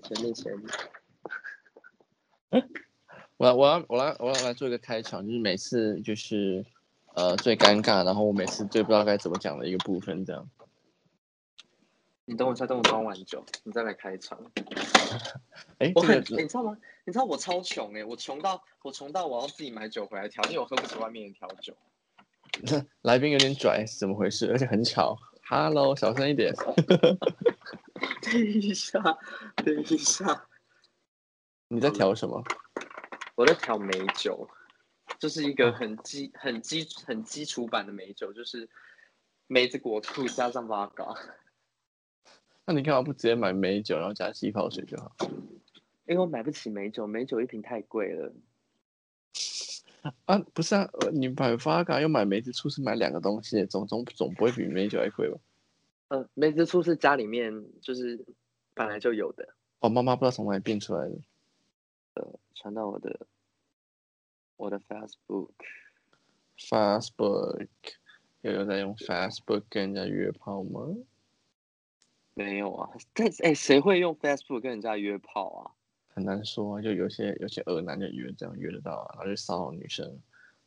前面前，嗯、欸，我我要我要，我要來，來，來做一個開場，就是每次就是呃最尷尬，然後我每次最不知道該怎麼講的一個部分這樣。你等我一下，等我裝完酒，你再來開場。哎、欸，我很，你知道嗎？你知道我超窮哎、欸，我窮到我窮到我要自己買酒回來調，因為我喝不起外面的調酒。 來賓有點拽，是怎麼回事？而且很吵。Hello，小聲一點。 等一下，等一下，你在調什麼？我在調梅酒，就是一個很基、很基、很基礎版的梅酒，就是梅子果醋加上 vodka。那你幹嘛不直接買梅酒，然後加氣泡水就好？因為我買不起梅酒，梅酒一瓶太貴了。啊，不是啊，你買 vodka 又買梅子醋，是買兩個東西，總總總不會比梅酒還貴吧？嗯，梅子醋是家裡面就是本來就有的。我媽媽不知道從哪裡變出來的。呃，傳到我的，我的 Facebook，Facebook，有，有在用 Facebook 跟人家約炮嗎？沒有啊，但哎，誰、欸、會用 Facebook 跟人家約炮啊？很難說、啊，就有些有些惡男的約，這樣約得到，啊，而就騷擾女生，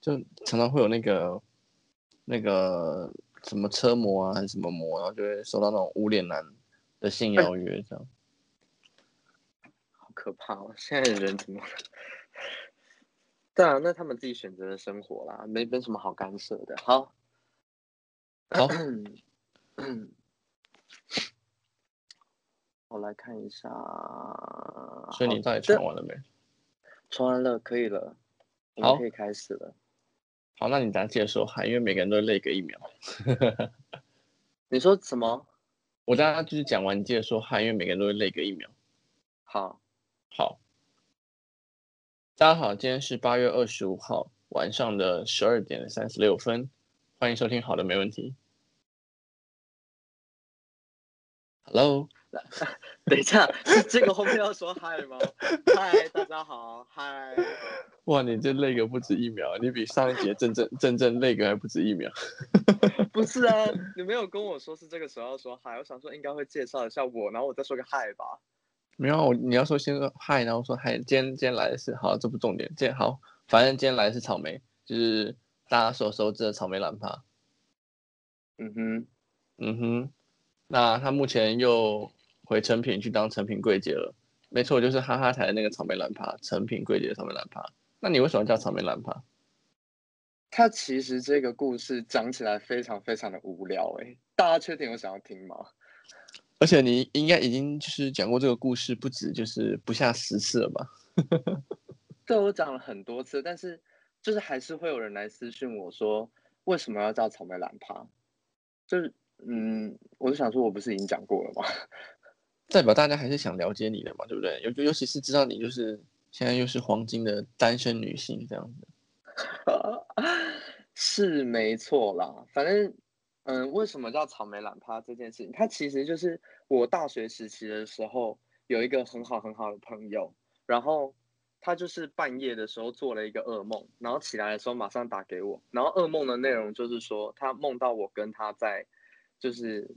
就常常會有那個那個。什麼車模啊，還是什麼模、啊，然後就會收到那種無臉男的性邀約，這樣、呃，好可怕哦！現在的人怎麼當然、 對啊，那他們自己選擇的生活啦，沒沒什麼好干涉的。好，好、oh. 我來看一下。所以你到底穿完了沒？穿完了，可以了。你可以開始了。Oh. 好，那你大家記得說嗨，因為每個人都累個一秒。 你說什麼？我剛剛就是講完，記得說嗨，因為每個人都累個一秒。好，好，大家好，今天是八月二十五號晚上的十二點三十六分，歡迎收聽。好的，沒問題。Hello。 等一下，是這個後面要說嗨嗎？嗨，大家好，嗨！哇，你這 lag 不止一秒，你比上一節真正真正 lag 還不止一秒。 不是啊，你沒有跟我說是這個時候要說嗨，我想說應該會介紹一下我，然後我再說個嗨吧。沒有，你要說先說嗨，然後說嗨。今天今天來的是好，這不重點。今天好，反正今天來的是草莓，就是大家所熟知的草莓覽趴。嗯哼，嗯哼，那他目前又。回成品去當成品櫃姐了，沒錯，我就是哈哈台的那個草莓覽趴，成品櫃姐的草莓覽趴。那你為什麼叫草莓覽趴？它其實這個故事講起來非常非常的無聊哎、欸，大家確定有想要聽嗎？而且你應該已經就是講過這個故事不止就是不下十次了吧？對， 我講了很多次，但是就是還是會有人來私訊我說為什麼要叫草莓覽趴？就是嗯，我就想說我不是已經講過了嗎？代表大家還是想了解你的嘛，對不對？尤尤其是知道你就是現在又是黃金的單身女性這樣子， 是沒錯啦。反正，嗯，為什麼叫草莓覽趴這件事情？它其實就是我大學時期的時候有一個很好很好的朋友，然後他就是半夜的時候做了一個噩夢，然後起來的時候馬上打給我，然後噩夢的內容就是說他夢到我跟他在就是。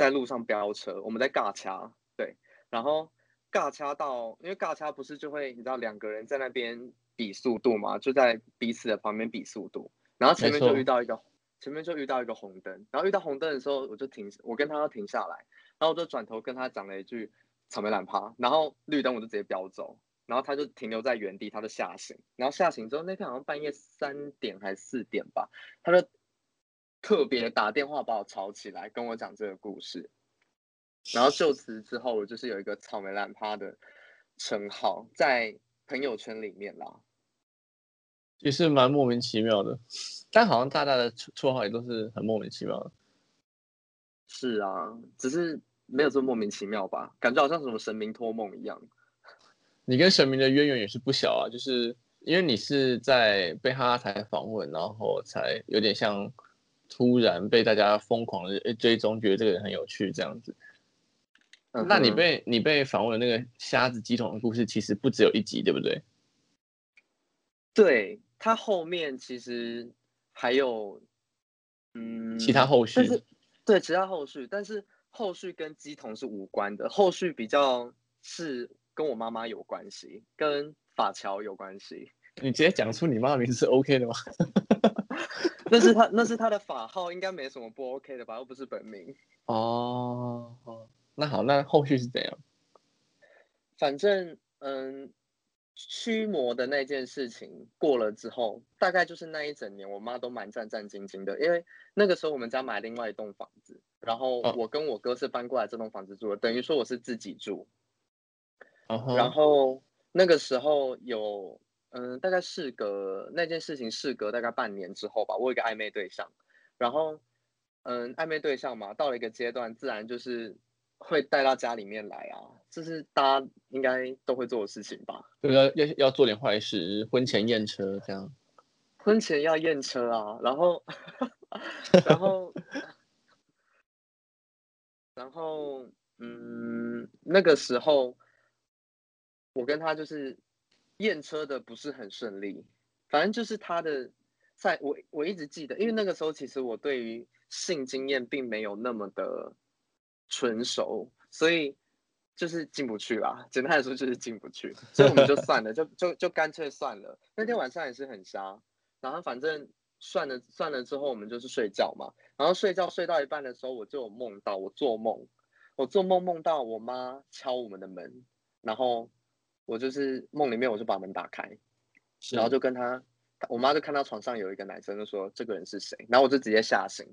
在路上飆車，我們在尬掐，對，然後尬掐到，因為尬掐不是就會你知道兩個人在那邊比速度嘛，就在彼此的旁邊比速度，然後前面就遇到一個，錯前面就遇到一個紅燈，然後遇到紅燈的時候，我就停，我跟他停下來，然後我就轉頭跟他講了一句草莓覽趴，然後綠燈我就直接飆走，然後他就停留在原地，他就嚇醒，然後嚇醒之後那天好像半夜三點還是四點吧，他就。特別打電話把我吵起來，跟我講這個故事。然後就此之後，我就是有一個“草莓覽趴”的稱號在朋友圈裡面啦。也是蠻莫名其妙的，但好像大大的綽綽號也都是很莫名其妙的。是啊，只是沒有這麼莫名其妙吧？感覺好像什麼神明託夢一樣。你跟神明的淵源也是不小啊，就是因為你是在被哈拉台訪問，然後才有點像。突然被大家瘋狂的追蹤，覺得這個人很有趣，這樣子。Okay. 那你被你被訪問的那個瞎子乩童的故事，其實不只有一集，對不對？對，他後面其實還有，嗯，其他後續。對，其他後續，但是後續跟乩童是無關的，後續比較是跟我媽媽有關係，跟法喬有關係。你直接講出你媽的名字是 OK 的嗎？ 那是他，那是他的法號，應該沒什麼不 OK 的吧？又不是本名哦。那好，那後續是怎樣？反正嗯，驅魔的那件事情過了之後，大概就是那一整年，我媽都蠻戰戰兢兢的，因為那個時候我們家買另外一棟房子，然後我跟我哥是搬過來這棟房子住的，等於說我是自己住。哦、哼然後那個時候有。嗯，大概事隔那件事情事隔大概半年之後吧，我有一個曖昧對象，然後嗯，曖昧對象嘛，到了一個階段，自然就是會帶到家裡面來啊，這是大家應該都會做的事情吧？對，要要要做點壞事，婚前驗車這樣。婚前要驗車啊，然後呵呵然後 然後嗯，那個時候我跟他就是。驗車的不是很順利，反正就是他的，在我我一直記得，因為那個時候其實我對於性經驗並沒有那麼的純熟，所以就是進不去啦。簡單來說就是進不去，所以我們就算了，就就就乾脆算了。那天晚上也是很瞎，然後反正算了算了之後，我們就是睡覺嘛。然後睡覺睡到一半的時候，我就有夢到我做夢，我做夢夢到我媽敲我們的門，然後。我就是夢裡面，我就把門打開，是然後就跟他，他，我媽就看到床上有一個男生，就說這個人是誰？然後我就直接嚇醒，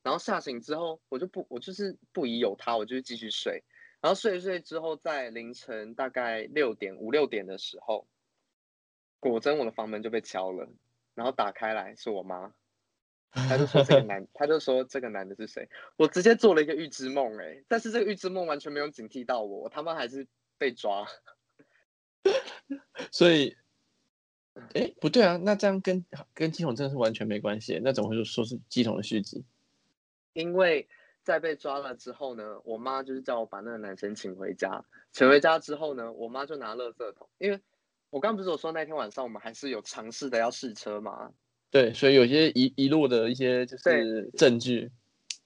然後嚇醒之後，我就不，我就是不疑有他，我就繼續睡。然後睡睡之後，在凌晨大概六點五六點的時候，果真我的房門就被敲了，然後打開來是我媽，她就說這個男， 他就說這個男的是誰？我直接做了一個預知夢，欸，哎，但是這個預知夢完全沒有警惕到我，我他媽還是被抓。所以，哎，不對啊！那這樣跟跟乩童真的是完全沒關係，那怎麼會說是乩童的續集？因為在被抓了之後呢，我媽就是叫我把那個男生請回家，請回家之後呢，我媽就拿垃圾桶，因為我剛不是有說那天晚上我們還是有嘗試的要試車嘛？對，所以有些遺遺落的一些就是證據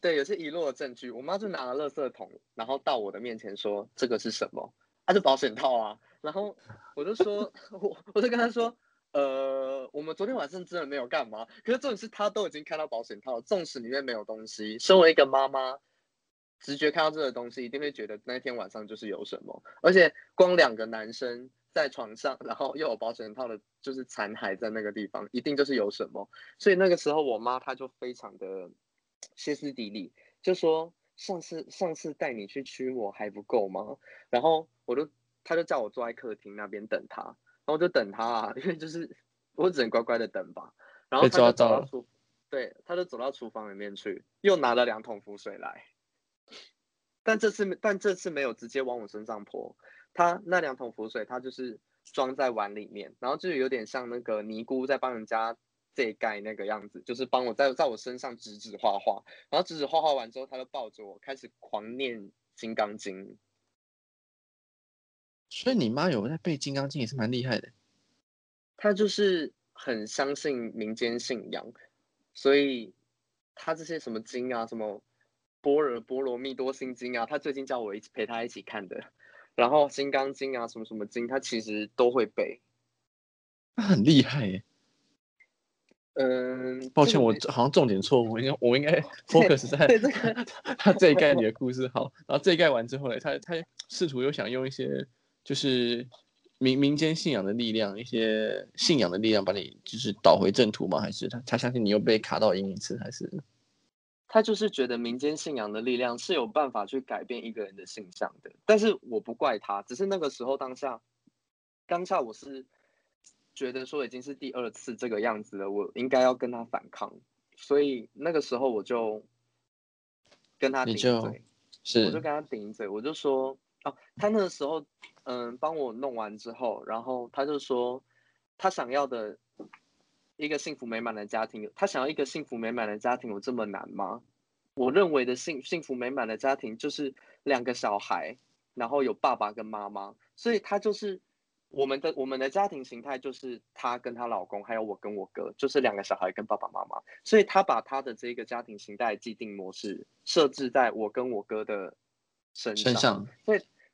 對，對，有些遺落的證據，我媽就拿了垃圾桶，然後到我的面前說：“這個是什麼？”“啊，就保險套啊。” 然後我就說，我我就跟他說，呃，我們昨天晚上真的沒有幹嘛。可是重點是他都已經看到保險套了，縱使裡面沒有東西。身為一個媽媽，直覺看到這個東西，一定會覺得那天晚上就是有什麼。而且光兩個男生在床上，然後又有保險套的，就是殘骸在那個地方，一定就是有什麼。所以那個時候，我媽她就非常的歇斯底里，就說：“上次上次帶你去驅魔還不夠嗎？”然後我都。他就叫我坐在客廳那邊等他，然後我就等他，啊，因為就是我只能乖乖的等吧。然後他就走到廚，到對，他就走到廚房裡面去，又拿了兩桶符水來。但這次但這次沒有直接往我身上潑，他那兩桶符水他就是裝在碗裡面，然後就有點像那個尼姑在幫人家祭改那個樣子，就是幫我在在我身上指指畫畫。然後指指畫畫完之後，他就抱着我開始狂念金剛經。所以你媽有在背《金剛經》也是蠻厲害的，她就是很相信民間信仰，所以她這些什麼經啊，什麼波《般若波羅蜜多心經》啊，她最近叫我一起陪她一起看的，然後《金剛經》啊，什麼什麼經，她其實都會背，那很厲害耶。嗯、呃，抱歉，我好像重點錯誤，應該、嗯、我應該 focus 在她對這一概裡的故事 好，然後這一概完之後呢，她她試圖又想用一些。就是民民間信仰的力量，一些信仰的力量把你就是導回正途嗎？還是他他相信你又被卡到陰一次？還是他就是覺得民間信仰的力量是有辦法去改變一個人的形象的？但是我不怪他，只是那個時候當下當下我是覺得說已經是第二次這個樣子了，我應該要跟他反抗，所以那個時候我就跟他頂嘴，你就，是，我就跟他頂嘴，我就說哦、啊，他那個時候。嗯，幫我弄完之後，然後他就說，他想要的一個幸福美滿的家庭，他想要一個幸福美滿的家庭有這麼難嗎？我認為的幸幸福美滿的家庭就是兩個小孩，然後有爸爸跟媽媽，所以他就是我們的我們的家庭形態就是他跟他老公，還有我跟我哥，就是兩個小孩跟爸爸媽媽，所以他把他的這個家庭形態既定模式設置在我跟我哥的身上，身上。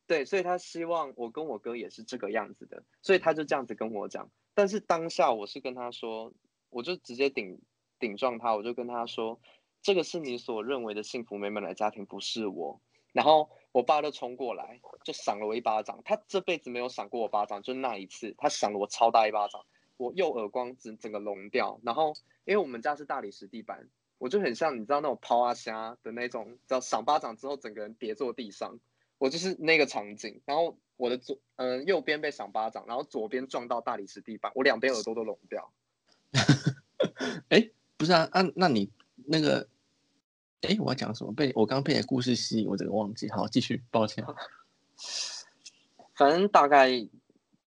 對，所以他希望我跟我哥也是這個樣子的，所以他就這樣子跟我講。但是當下我是跟他說，我就直接頂頂撞他，我就跟他說，這個是你所認為的幸福美滿的家庭，不是我。然後我爸就衝過來，就賞了我一巴掌。他這輩子沒有賞過我巴掌，就那一次，他賞了我超大一巴掌，我右耳光整整個聾掉。然後因為我們家是大理石地板，我就很像你知道那種拋阿、啊、蝦的那種，叫賞巴掌之後整個人跌坐地上。我就是那個場景，然後我的左嗯、呃、右邊被扇巴掌，然後左邊撞到大理石地板，我兩邊耳朵都聾掉。哎、 欸，不是啊啊，那你那個，哎、欸，我要講什麼？被我剛剛被你的故事吸引，我整個忘記。好，繼續，抱歉。反正大概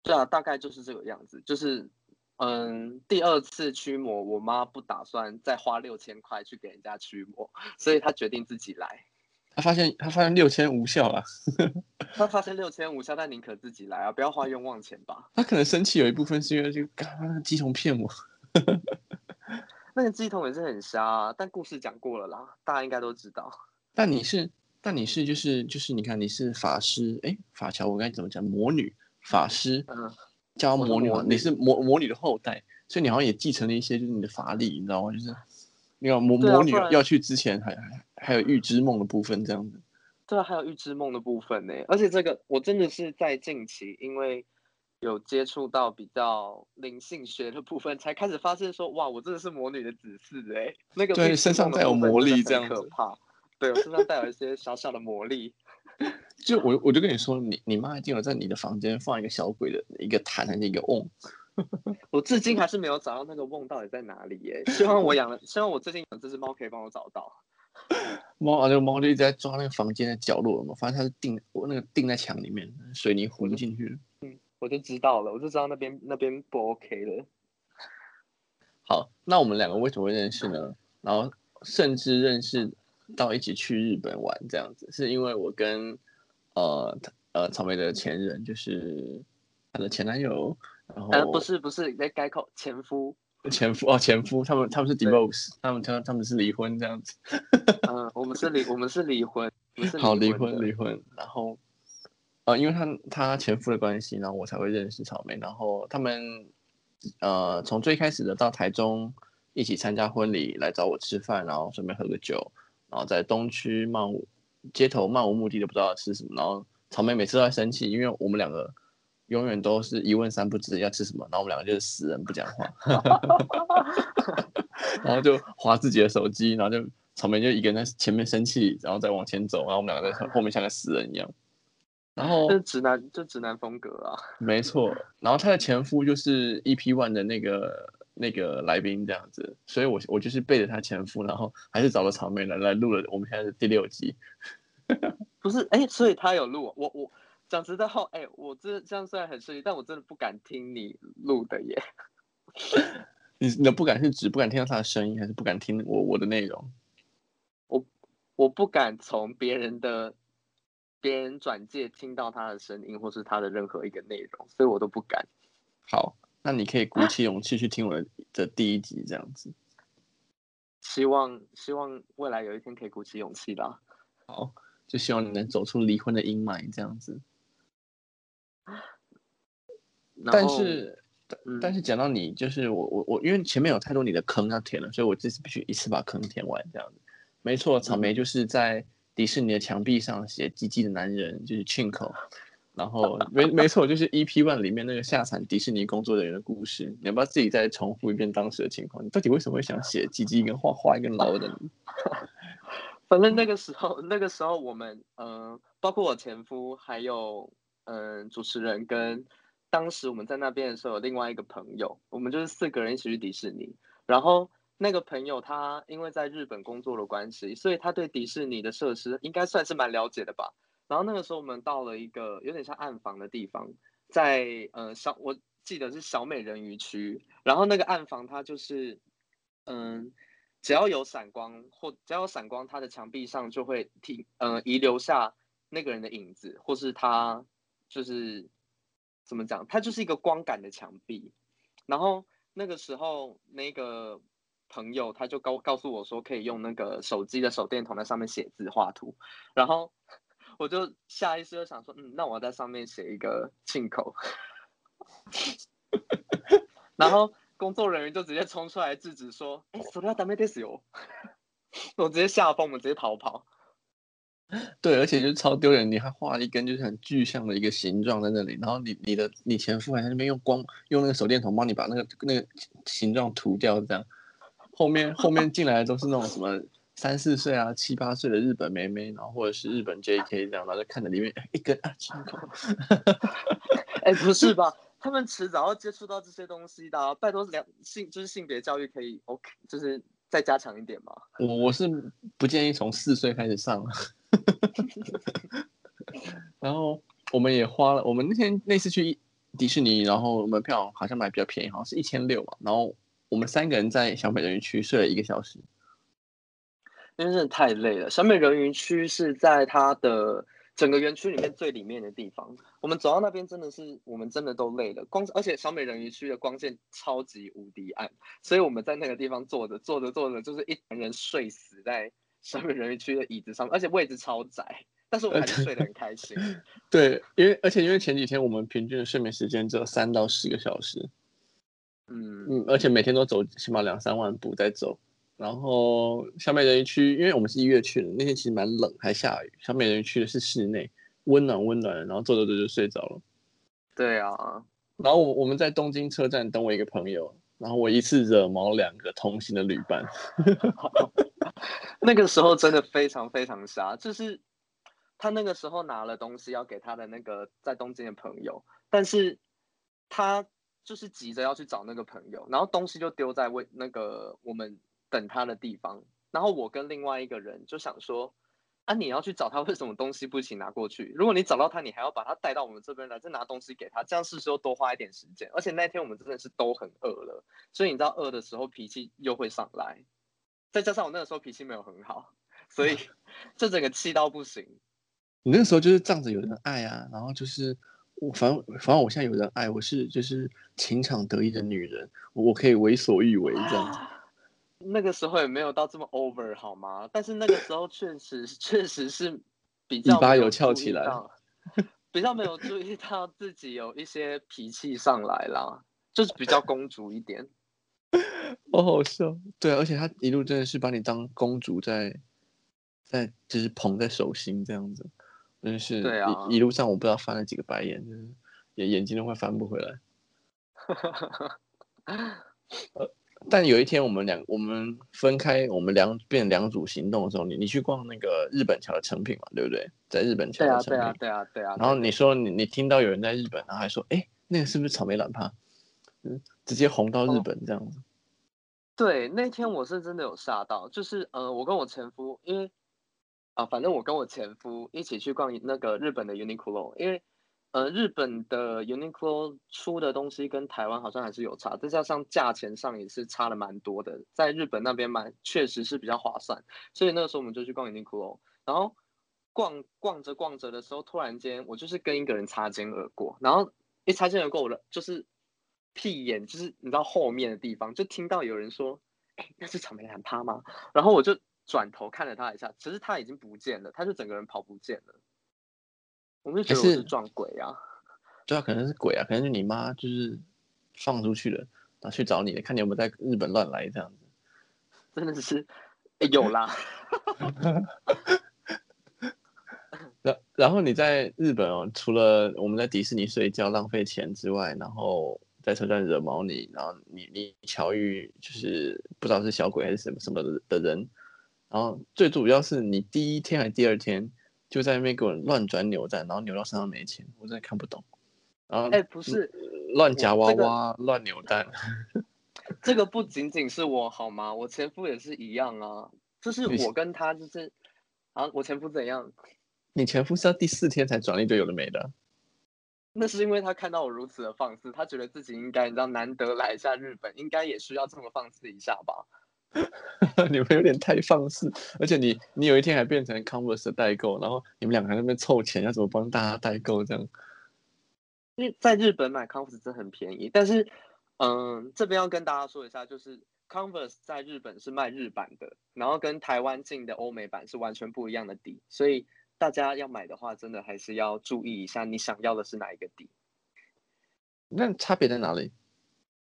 對啊，大概就是這個樣子。就是嗯，第二次驅魔，我媽不打算再花六千塊去給人家驅魔，所以她決定自己來。他發現他發現六千無效了，他發現六千無效，呵呵無效但寧可自己來啊，不要花冤枉錢吧。他可能生氣有一部分是因為就，乩童騙我。呵呵那個乩童也是很瞎啊，但故事講過了啦，大家應該都知道。但你是，嗯、但你是就是就是，你看你是法師，哎，法喬我該怎麼講？魔女法師，嗯嗯、叫魔女，魔女你是魔魔女的後代，所以你好像也繼承了一些就是你的法力，你知道嗎？就是，你看魔、啊、魔女要去之前還然還。還有預知夢的部分，這樣子。對啊，還有預知夢的部分呢、欸。而且這個，我真的是在近期，因為有接觸到比較靈性學的部分，才開始發現說，哇，我真的是魔女的子嗣哎、欸。那個對，身上帶有魔力，這樣的怕。對，我身上帶有一些小小的魔力。 就我，我就跟你說，你你媽竟然在你的房間放一個小鬼的一個毯，一個甕。一個 我至今還是沒有找到那個甕到底在哪裡耶、欸。希望我養了，希望我最近養這只貓可以幫我找到。貓啊，那個貓就一直在抓那個房間的角落嘛，發現它是釘，我那個釘在牆裡面，水泥糊進去了。嗯，我就知道了，我就知道那邊那邊不 OK 了。好，那我們兩個為什麼會認識呢？然後甚至認識到一起去日本玩這樣子，是因為我跟呃呃草莓的前任，就是她的前男友，然後、呃、不是不是你在改口前夫。前夫哦，前夫他們他們是 divorce，對他們他他們是離婚這樣子。嗯 ，uh, 我們是離我們是離婚，好離婚，好離、婚離婚。然後呃，因為他他前夫的關係，然後我才會認識草莓。然後他們呃，從最開始的到台中一起參加婚禮，來找我吃飯，然後順便喝個酒，然後在東區漫無街頭漫無目的的不知道吃什麼，然後草莓每次都在生氣，因為我們兩個。永遠都是一問三不知要吃什麼，然後我們兩個就是死人不講話 然，然後就滑自己的手機，然後就草莓就一個人在前面生氣，然後再往前走，然後我們兩個在後面像個死人一樣。然後這直男，這直男風格啊。沒錯，然後她的前夫就是 EP One 的那個那個來賓這樣子，所以我我就是背着他前夫，然後還是找了草莓來來錄了我們現在的第六集。 不是，哎、欸，所以他有錄我、哦、我。我想知道哎、欸，我這這樣雖然很順利，但我真的不敢聽你錄的耶。你你的不敢是指不敢聽到他的聲音，還是不敢聽我我的內容？我我不敢從別人的別人轉介聽到他的聲音，或是他的任何一個內容，所以我都不敢。好，那你可以鼓起勇氣去聽我的的第一集，這樣子。啊、希望希望未來有一天可以鼓起勇氣啦。好，就希望你能走出離婚的陰霾，這樣子。但是，然後，但是講到你，就是我我我，因為前面有太多你的坑要填了，所以我這次必須一次把坑填完。這樣沒錯，草莓就是在迪士尼的牆壁上寫“雞雞”的男人就是 Chinko，然後沒沒錯，就是 EP One 裡面那個下場迪士尼工作人員的故事。你要不要自己再重複一遍當時的情況？你到底為什麼會想寫“雞雞”跟畫畫一個老人？反正那個時候，那個時候我們，嗯、呃，包括我前夫還有。嗯，主持人跟當時我們在那邊的時候，有另外一個朋友，我們就是四個人一起去迪士尼。然後那個朋友他因為在日本工作的關係，所以他對迪士尼的設施應該算是蠻了解的吧。然後那個時候我們到了一個有點像暗房的地方，在呃小，我記得是小美人魚區。然後那個暗房它就是嗯，只要有閃光或只要有閃光，它的牆壁上就會停嗯、呃、遺留下那個人的影子，或是他。就是怎麼講，它就是一個光感的牆壁。然後那個時候，那個朋友他就告告訴我說，可以用那個手機的手電筒在上面寫字畫圖。然後我就下意識的想說，嗯，那我在上面寫一個進口。 然後工作人員就直接衝出來制止說，哎、 欸，それはダメですよ！我直接嚇瘋，我們直接逃跑。對，而且就超丟人，你還畫了一根就是很具象的一個形狀在那裡，然後你你的你前夫還在那邊用光用那個手電筒幫你把那個那個形狀塗掉這樣，後面後面進來的都是那種什麼三四歲啊 七八歲的日本妹妹，然後或者是日本 JK，這樣。然後就看着裡面一根啊，哈哈 哎，不是吧，他們遲早要接觸到這些東西的啊，拜托兩性就是性別教育可以 OK，就是再加強一點嘛。我我是不建議從四歲開始上。 然後我們也花了，我們那天那次去迪士尼，然後門票好像買比較便宜，好像是一千六。然後我們三個人在小美人魚區睡了一個小時，真的太累了。小美人魚區是在它的整個園區裡面最裡面的地方，我們走到那邊真的是，我們真的都累了。光而且小美人魚區的光線超級無敵暗，所以我們在那個地方坐着，坐着坐着就是一整人睡死在。小美人魚區的椅子上，而且位置超窄，但是我還是睡得很開心。 對，因為而且因為前幾天我們平均的睡眠時間只有三到四個小時。嗯嗯，而且每天都走起碼兩三萬步在走。然後小美人魚區，因為我們是一月去的，那天其實蠻冷，還下雨。小美人魚區的是室內，溫暖溫暖的，然後坐著坐著就睡着了。對啊，然後我我們在東京車站等我一個朋友，然後我一次惹毛兩個同行的旅伴。 那個時候真的非常非常傻，就是他那個時候拿了東西要給他的那個在東京的朋友，但是他就是急着要去找那個朋友，然後東西就丟在為那個我們等他的地方。然後我跟另外一個人就想說，啊，你要去找他，為什麼東西不一起拿過去？如果你找到他，你還要把他帶到我們這邊來再拿東西給他，這樣是時候多花一點時間。而且那天我們真的是都很餓了，所以你知道餓的時候脾氣又會上來。再加上我那個時候脾氣沒有很好，所以就整個氣到不行。 你那個時候就是仗着有人愛啊，然後就是我反正反正，我現在有人愛，我是就是情場得意的女人，我可以為所欲為這樣子。啊，那個時候也沒有到這麼 over 好嗎？但是那個時候確實確實是尾巴有翹起來， 比較沒有注意到自己有一些脾氣上來了，就是比較公主一點。好、 哦、好笑，對、啊，而且他一路真的是把你當公主在，在就是捧在手心這樣子，真、就是一對啊。一路上我不知道翻了幾個白眼，就是眼睛都快翻不回來。 呃、但有一天我們兩我們分開，我們兩變成兩組行動的時候，你你去逛那個日本橋的成品嘛，對不對？在日本橋的成品對對啊對啊對啊。啊啊、然後你說你你聽到有人在日本，然後還說，哎，那個是不是草莓覽趴？直接紅到日本這樣子。哦、對，那天我是真的有嚇到，就是呃，我跟我前夫，因為啊、呃，反正我跟我前夫一起去逛那個日本的 Uniqlo，因為呃，日本的 Uniqlo 出的東西跟台灣好像還是有差，再加上價錢上也是差了蠻多的，在日本那邊買確實是比較划算，所以那個時候我們就去逛 Uniqlo，然後逛逛着逛着的時候，突然間我就是跟一個人擦肩而過，然後一擦肩而過了，就是。屁眼，就是你知道後面的地方，就聽到有人說：“欸、那是草莓覽趴嗎？”然後我就轉頭看了他一下，其實他已經不見了，他就整個人跑不見了。我是覺得我是撞鬼啊，對啊、欸，可能是鬼啊，可能是你媽就是放出去了，然後去找你，看你有沒有在日本亂來這樣子。真的只是、欸、有啦。然然後你在日本哦，除了我們在迪士尼睡覺浪費錢之外，然後。在車站惹毛你，然後你你巧遇就是不知道是小鬼還是什麼什麼的人，然後最主要是你第一天還是第二天就在那邊給我亂轉扭蛋，然後扭到身上沒錢，我真的看不懂。然後哎、欸、不是亂夾娃娃亂、這個、扭蛋， 這個不僅僅是我好嗎？我前夫也是一樣啊，就是我跟他就是啊，我前夫怎樣？你前夫是要第四天才轉一堆有的沒的？那是因為他看到我如此的放肆，他覺得自己應該，你知道，難得來一下日本，應該也需要這麼放肆一下吧？ 你們有點太放肆，而且你你有一天還變成 Converse 的代購，然後你們兩個還在那湊錢要怎麼幫大家代購這樣？因為在日本買 Converse 真很便宜，但是，嗯、呃，這邊要跟大家說一下，就是 Converse 在日本是賣日版的，然後跟台灣進的歐美版是完全不一樣的底，所以。大家要買的話，真的還是要注意一下，你想要的是哪一個底？那差別在哪裡？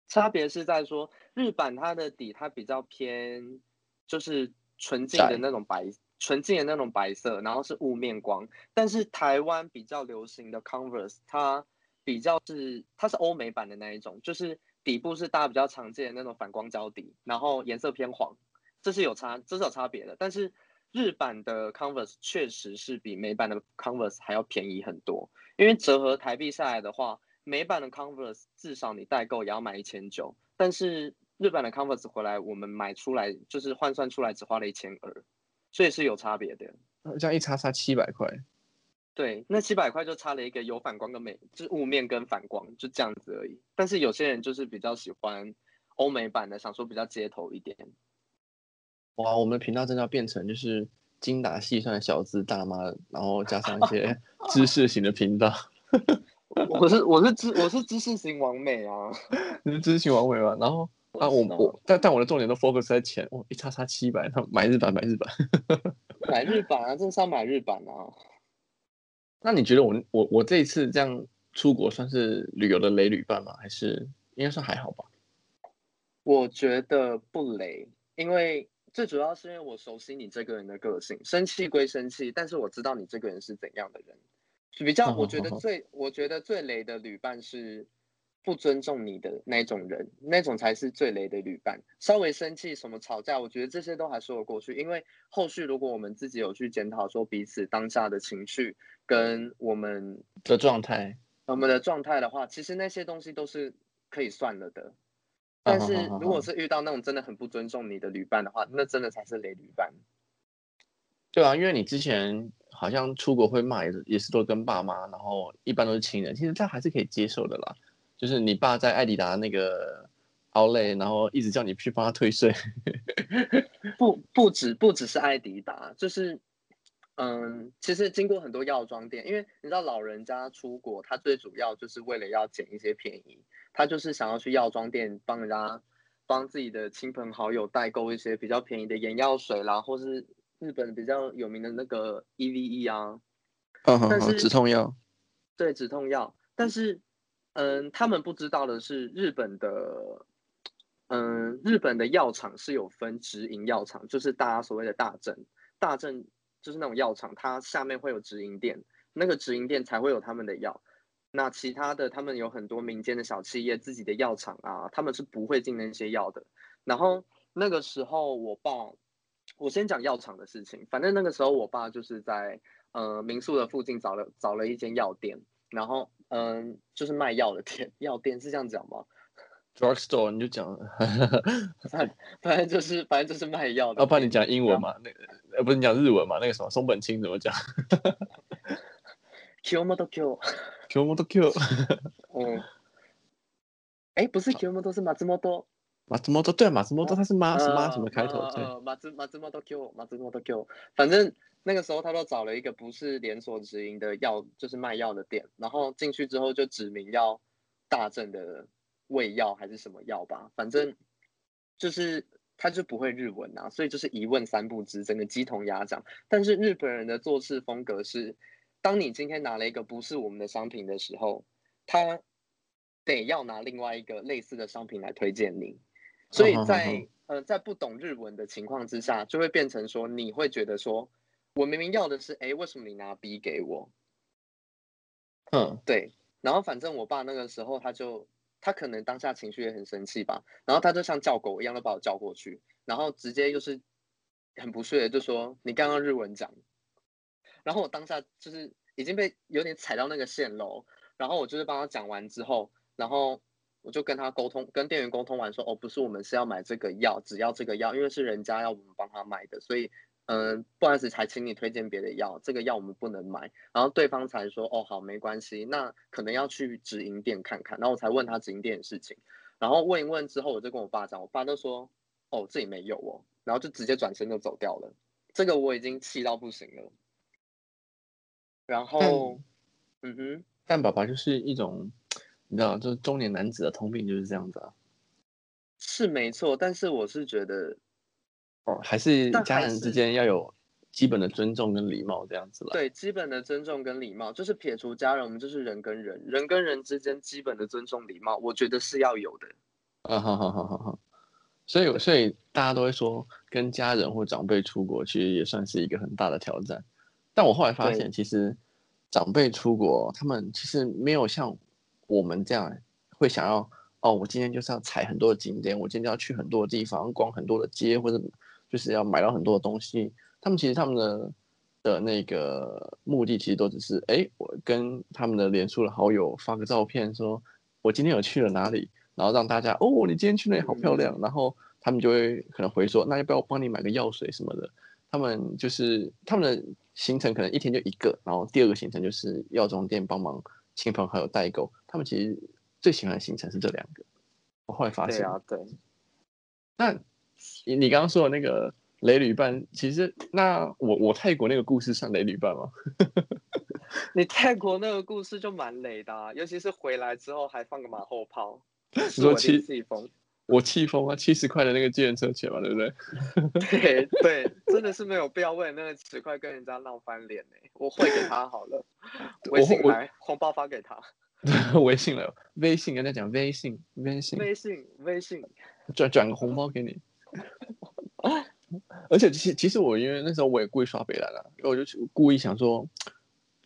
差別是在說日版它的底它比較偏，就是純淨的那種白，純淨的那種白色，然後是霧面光。但是台灣比較流行的 Converse，它比較是它是歐美版的那一種，就是底部是大家比較常見的那種反光膠底，然後顏色偏黃，這是有差，這是有差別的。但是。日版的 Converse 確實是比美版的 Converse 還要便宜很多，因為折合台幣下來的話，美版的 Converse 至少你代購也要買一千九，但是日版的 Converse 回來，我們買出來就是換算出來只花了一千二，所以是有差別的。啊、這樣一差差七百塊。對，那七百塊就差了一個有反光跟美，就是、霧面跟反光就這樣子而已。但是有些人就是比較喜歡歐美版的，想說比較街頭一點。哇，我們的頻道真的要變成就是精打細算的小資大媽，然後加上一些知識型的頻道。 我， 我是我是知我是知識型網美啊，你是知識型網美吧、啊，然後我啊我我但但我的重點都 focus 在錢，我一叉叉七百，他買日版買日版，買日版啊，真 想買日版啊。版啊，那你覺得我我我這一次這樣出國算是旅遊的雷旅伴嗎？還是應該算還好吧？我覺得不雷，因為。最主要是因為我熟悉你這個人的個性，生氣歸生氣，但是我知道你這個人是怎樣的人。比較，我覺得最 oh, oh, oh. 我覺得最雷的旅伴是不尊重你的那種人，那種才是最雷的旅伴。稍微生氣什麼吵架，我覺得這些都還說得過去，因為後續如果我們自己有去檢討說彼此當下的情緒跟我們的狀態，我們的狀態的話，的其實那些東西都是可以算了的。但是，如果是遇到那種真的很不尊重你的旅伴的話，那真的才是雷旅伴。對啊，因為你之前好像出國會罵，也是也是都跟爸媽，然後一般都是親人，其實這還是可以接受的啦。就是你爸在愛迪達那個奧萊，然後一直叫你去幫他退稅。 不，不止，不止是愛迪達，就是。嗯，其實經過很多藥妝店，因為你知道老人家出國，他最主要就是為了要撿一些便宜，他就是想要去藥妝店幫人家，幫自己的親朋好友代購一些比較便宜的眼藥水啦，或是日本比較有名的那個 EVE 啊，哦、好好，但是止痛藥，對，止痛藥，但是，嗯，他們不知道的是，日本的，嗯，日本的藥廠是有分直營藥廠，就是大家所謂的大正，大正。就是那種藥廠，它下面會有直營店，那個直營店才會有他們的藥。那其他的，他們有很多民間的小企業，自己的藥廠啊，他們是不會進那些藥的。然後那個時候，我爸，我先講藥廠的事情。反正那個時候，我爸就是在呃民宿的附近找了找了一間藥店，然後嗯，就是賣藥的店，藥店是這樣講嗎？drug store 你就講， 反正就是反正就是賣藥的。要不然你講英文嘛？樣那呃不是你講日文嘛？那個什麼松本清怎麼講？Kiyomoto Q。Kiyomoto Q。嗯。誒、 哦欸、不是 Kiyomoto 是馬茲莫多。馬茲莫多，對啊，馬茲莫多，它是馬什馬什麼開頭？馬茲馬茲莫多 Q 馬茲莫多 Q。反正那個時候他都找了一個不是連鎖直營的藥，就是賣藥的店，然後進去之後就指明要大正的。胃藥還是什麼藥吧，反正就是他就不會日文啊，所以就是一問三不知，整個雞同鴨講。但是日本人的做事風格是，當你今天拿了一個不是我們的商品的時候，他得要拿另外一個類似的商品來推薦你。所以在哦哦哦呃在不懂日文的情況之下，就會變成說你會覺得說，我明明要的是 A，為什麼你拿 B 給我？嗯、哦，對。然後反正我爸那個時候他就。他可能當下情緒也很生氣吧，然後他就像叫狗一樣的把我叫過去，然後直接就是很不屑的就說你剛剛日文講，然後我當下就是已經被有點踩到那個線嘍，然後我就是幫他講完之後，然後我就跟他溝通，跟店員溝通完說，哦不是，我們是要買這個藥，只要這個藥，因為是人家要我們幫他買的，所以。嗯、呃，不好意思，才請你推薦別的藥，這個藥我們不能買。然後對方才說，哦，好，沒關係，那可能要去直營店看看。然後我才問他直營店的事情，然後問一問之後，我就跟我爸講，我爸就說，哦，這裡沒有哦，然後就直接轉身就走掉了。這個我已經氣到不行了。然後，但嗯哼，但爸爸就是一種，你知道，就是中年男子的通病，就是這樣子、啊。是沒錯，但是我是覺得。哦，還是家人之間要有基本的尊重跟禮貌這樣子吧。對，基本的尊重跟禮貌，就是撇除家人，我們就是人跟人，人跟人之間基本的尊重禮貌，我覺得是要有的。啊，好好好好好。所以，所以大家都會說，跟家人或長輩出國其實也算是一個很大的挑戰。但我後來發現，其實對長輩出國，他們其實沒有像我們這樣會想要哦，我今天就是要踩很多的景點，我今天要去很多的地方逛很多的街，或者。就是要買到很多東西，他們其實他們的的、呃、那個目的其實都只是，哎、欸，我跟他們的臉書的好友發個照片，說我今天有去了哪裡，然後讓大家，哦，你今天去那裡好漂亮，嗯、然後他們就會可能回說，那要不要我幫你買個藥水什麼的？他們就是他們的行程可能一天就一個，然後第二個行程就是藥妝店幫忙親朋好友代購，他們其實最喜歡的行程是這兩個。我後來發現啊，對，你你剛剛說的那個雷旅伴，其實那我我泰國那個故事算雷旅伴嗎？ 你泰國那個故事就蠻雷的，啊，尤其是回來之後還放個馬後炮。你說氣瘋，我氣瘋了，七十、啊、塊的那個計程車錢嘛，對不對？ 對對，真的是沒有必要為那個十塊跟人家鬧翻臉呢。我匯給他好了，微信來紅包發給他。微信來，微信跟他講微信微信微信微信，轉轉個紅包給你。 而且其實，其實我因為那時候我也故意耍回來了，我就故意想說，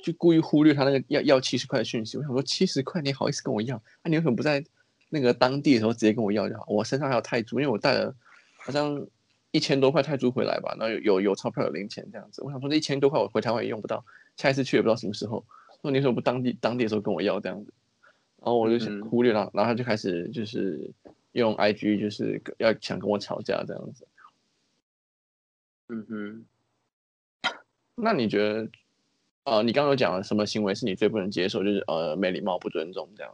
就故意忽略他那個要要七十塊的訊息。我想說，七十塊你好意思跟我要？那、啊、你為什麼不在那個當地的時候直接跟我要就好？我身上還有泰銖，因為我帶了好像一千多塊泰銖回來吧。那有有有鈔票，有零錢這樣子。我想說，這一千多塊我回台灣也用不到，下一次去也不知道什麼時候。那你為什麼不當地當地的時候跟我要這樣子？然後我就想忽略了，嗯、然後他就開始就是。用 IG 就是要想跟我吵架這樣子，嗯哼。那你覺得，啊、呃，你剛剛有講了什麼行為是你最不能接受？就是呃，沒禮貌、不尊重這樣。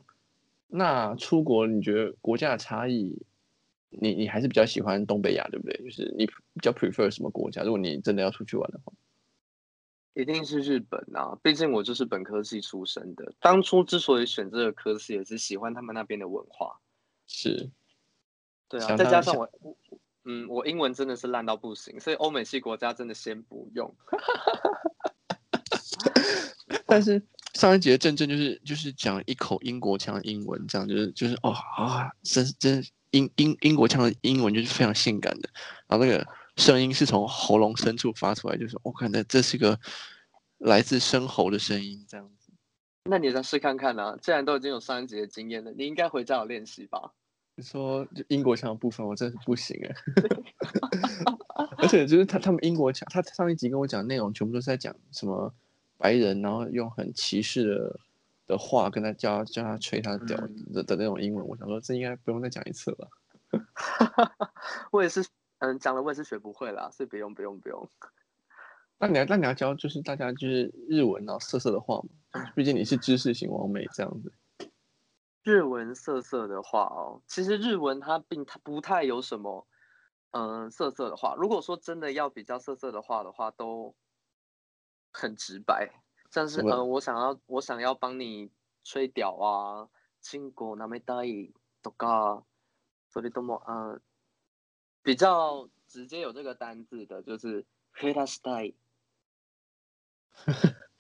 那出國你覺得國家的差異，你你還是比較喜歡東北亞對不對？就是你比較 prefer 什麼國家？如果你真的要出去玩的話，一定是日本啊！畢竟我就是本科系出身的，當初之所以選這個科系，也是喜歡他們那邊的文化，是。對啊，再加上我，想嗯，我英文真的是爛到不行，所以歐美系國家真的先不用。 但是上一集正正就是就是講一口英國腔的英文，這樣就是就是哦啊、哦，真真英英英國腔的英文就是非常性感的，然後那個聲音是從喉嚨深處發出來，就是我感覺這是一個來自深喉的聲音這樣子。那你再試看看呢、啊？既然都已經有上一集的經驗了，你應該回家有練習吧？你說就英國腔的部分，我真的是不行哎， 而且就是他他們英國腔，他上一集跟我講內容，全部都是在講什麼白人，然後用很歧視的的話跟他叫叫他，他吹他屌的的、的那種英文，我想說這應該不用再講一次了。 我也是，嗯，講了我也是學不會啦，所以不用不用不用。不用，那你要那你要教就是大家就是日文哦、然後色色的話嘛，畢竟你是知識型網美這樣子。日文色色的話哦，其實日文它並它不太有什麼嗯、呃、色色的話。如果說真的要比較色色的話的話，都很直白。像是嗯吧、呃，我想要我想要幫你吹屌啊，親過那邊大應都高，所以都麼嗯比較直接有這個單字的就是黑拉斯代。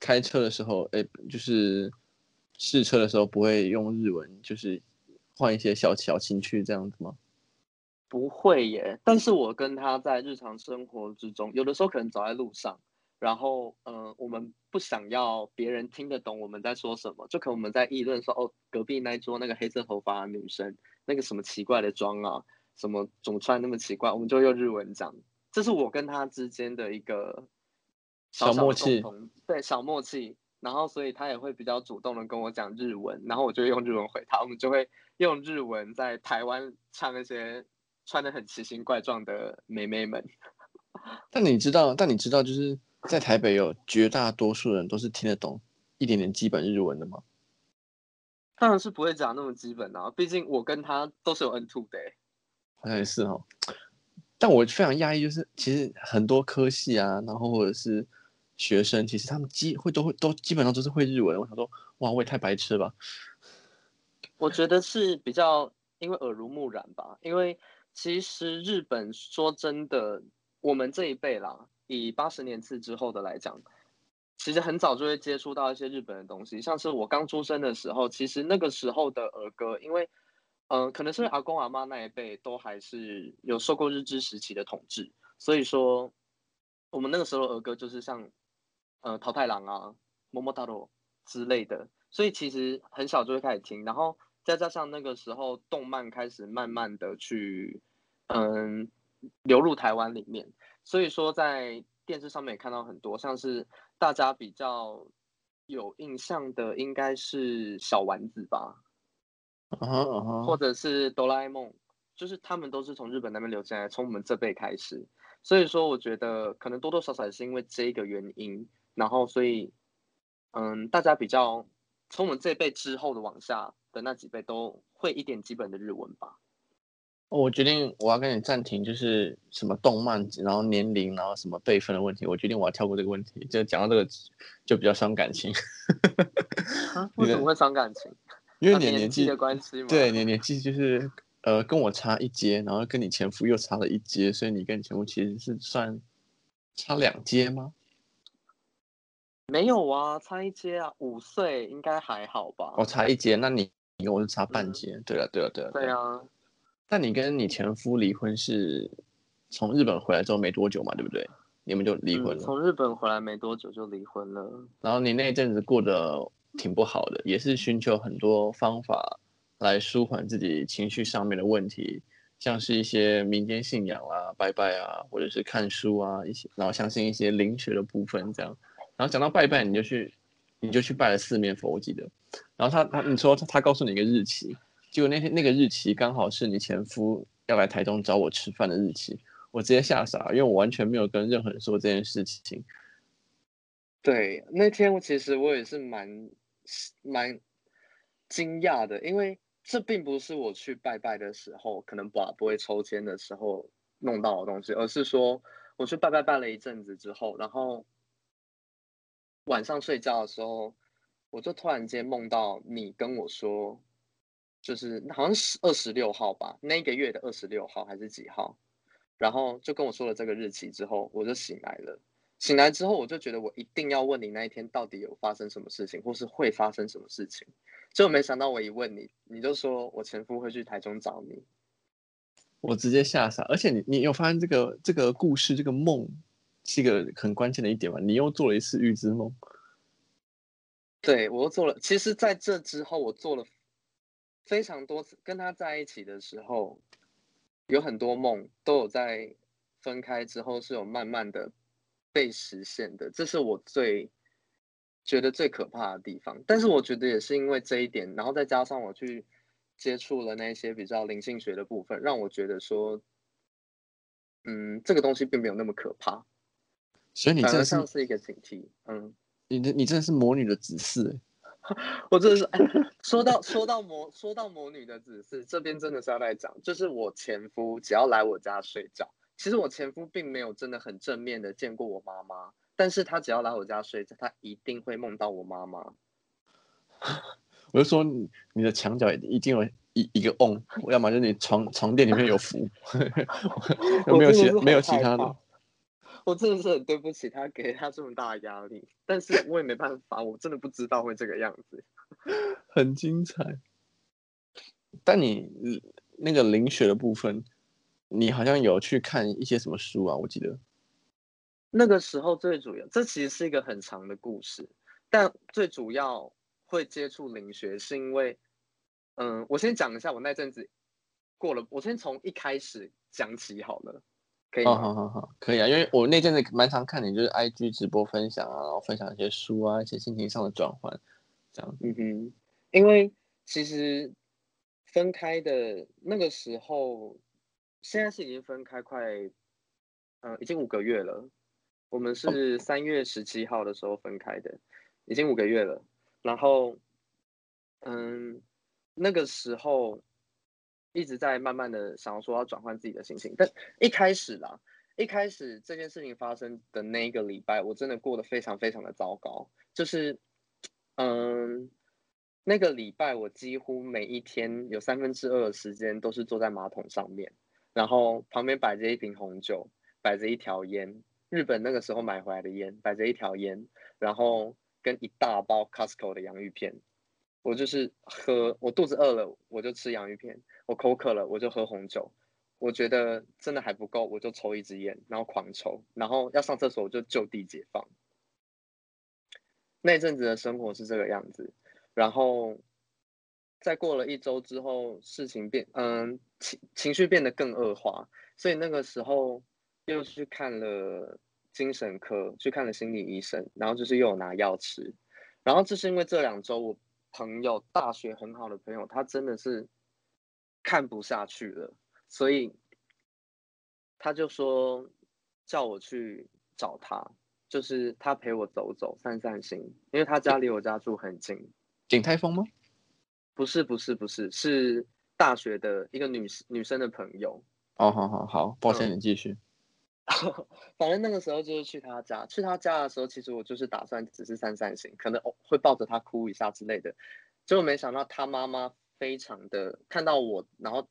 開車的時候，哎，就是試車的時候，不會用日文，就是換一些小小情趣這樣子嗎？不會耶，但是我跟他在日常生活之中，有的時候可能走在路上，然後，嗯、呃，我們不想要別人聽得懂我們在說什麼，就可能我們在議論說，哦，隔壁那一桌那個黑色頭髮的女生，那個什麼奇怪的妝啊，什麼總穿那麼奇怪，我們就用日文講，這是我跟他之間的一個。小，小，小默契，對小默契，然後所以他也會比較主動的跟我講日文，然後我就用日文回他，我們就會用日文在台灣唱那些穿得很奇形怪狀的妹妹們。但你知道，但你知道，就是在台北有絕大多數人都是聽得懂一點點基本日文的嗎？當然是不會講那麼基本的啊，畢竟我跟他都是有 N two 的，好像也是哦，但我非常訝異，就是其實很多科系啊，然後或者是。學生其實他們幾乎都會都基本上都是會日文。我想說，哇，我也太白痴吧。我覺得是比較因為耳濡目染吧，因為其實日本說真的，我們這一輩啦，以八十年次之後的來講，其實很早就會接觸到一些日本的東西。像是我剛出生的時候，其實那個時候的兒歌，因為嗯、呃，可能是阿公阿嬤那一輩都還是有受過日治時期的統治，所以說我們那個時候兒歌就是像。呃，桃太郎啊，麼麼噠羅之類的，所以其實很小就會開始聽，然後再加，加上那個時候動漫開始慢慢的去，嗯，流入台灣裡面，所以說在電視上面也看到很多，像是大家比較有印象的應該是小丸子吧，uh huh. 或者是哆啦 A 夢，就是他們都是從日本那邊流進來，從我們這輩開始，所以說我覺得可能多多少少也是因為這個原因。然後，所以，嗯，大家比較從我們這輩之後的往下的那幾輩都會一點基本的日文吧。哦、我決定我要跟你暫停，就是什麼動漫，然後年齡，然後什麼輩分的問題。我決定我要跳過這個問題，就講到這個就比較傷感情。 啊？們為什麼會傷感情？因為你年紀，、啊、年紀，年紀的關係，對，你年紀就是呃跟我差一階，然後跟你前夫又差了一階，所以你跟你前夫其實是算差兩階嗎？沒有啊，差一階啊，五歲應該還好吧？我、哦、差一階，那你跟我是差半階。嗯、對了，對了，對了，對啊。對啊對啊，但你跟你前夫離婚是從日本回來之後沒多久嘛，對不對？你們就離婚了。嗯、從日本回來沒多久就離婚了。然後你那陣子過得挺不好的，也是尋求很多方法來舒緩自己情緒上面的問題，像是一些民間信仰啊，拜拜啊，或者是看書啊一些，然後相信一些靈學的部分這樣。然後講到拜拜，你就去，你就去拜了四面佛，我記得。然後他他，你說他告訴你一個日期，結果那天那個日期剛好是你前夫要來台中找我吃飯的日期，我直接嚇傻了，因為我完全沒有跟任何人說這件事情。對，那天我其實我也是蠻蠻驚訝的，因為這並不是我去拜拜的時候，可能不不會抽籤的時候弄到的東西，而是說我去拜拜拜了一陣子之後，然後。晚上睡覺的時候，我就突然間夢到你跟我說，就是好像是二十六號吧，那個月的二十六號還是幾號，然後就跟我說了這個日期之後，我就醒來了。醒來之後，我就覺得我一定要問你那一天到底有發生什麼事情，或是會發生什麼事情。結果沒想到我一問你，你就說我前夫會去台中找你，我直接嚇傻。而且你你有發現這個這個故事，這個夢？是一個很關鍵的一點吧？你又做了一次預知夢，對我又做了。其實，在這之後，我做了非常多次。跟他在一起的時候，有很多夢都有在分開之後是有慢慢的被實現的。這是我最覺得最可怕的地方。但是，我覺得也是因為這一點，然後再加上我去接觸了那些比較靈性學的部分，讓我覺得說，嗯，這個東西並沒有那麼可怕。所以你這像是一個警惕，嗯，你這你真的是魔女的子嗣。 我真的是、哎，說到說到魔 說到魔女的子嗣，這邊真的是要來講，就是我前夫只要來我家睡覺，其實我前夫並沒有真的很正面的見過我媽媽，但是他只要來我家睡覺，他一定會夢到我媽媽。我就說你，你的牆角一定有一一個甕， 我要麼就你床床墊裡面有符，有 沒有其 沒有其他的？我真的是很對不起他，給他這麼大壓力，但是我也沒辦法，我真的不知道會這個樣子， 很精彩。但你你那個靈學的部分，你好像有去看一些什麼書啊？我記得那個時候最主要，這其實是一個很長的故事，但最主要會接觸靈學是因為，嗯，我先講一下我那陣子過了，我先從一開始講起好了。好、哦、好好好，可以啊，因為我那陣子蠻常看你，就是 IG 直播分享啊，然後分享一些書啊，一些心情上的轉換這樣，嗯哼，因為其實分開的那個時候，現在是已經分開快，呃，已經五個月了。我們是三月十七號的時候分開的，哦、已經五個月了。然後，嗯，那個時候。一直在慢慢的想要說要轉換自己的心情，但一開始啦，一開始這件事情發生的那一個禮拜，我真的過得非常非常的糟糕。就是，嗯，那個禮拜我幾乎每一天有三分之二的時間都是坐在馬桶上面，然後旁邊擺着一瓶紅酒，擺着一條煙，日本那個時候買回來的煙，擺着一條煙，然後跟一大包 Costco 的洋芋片，我就是喝，我肚子餓了我就吃洋芋片。我口渴了，我就喝紅酒。我覺得真的還不夠，我就抽一支煙，然後狂抽，然後要上廁所，我就就地解放。那一陣子的生活是這個樣子。然後，再過了一周之後，事情變，嗯、呃，情情緒變得更惡化。所以那個時候又去看了精神科，去看了心理醫生，然後就是又拿藥吃。然後就是因為這兩周，我朋友大學很好的朋友，他真的是。看不下去了，所以他就說叫我去找他，就是他陪我走走、散散心。因為他家離我家住很近。鼎泰豐嗎？不是，不是，不是，是大學的一個女女生的朋友。哦，好好好，抱歉，你繼續。反正那個時候就是去他家，去他家的時候，其實我就是打算只是散散心，可能會抱着他哭一下之類的。結果沒想到他媽媽。非常的看到我，然後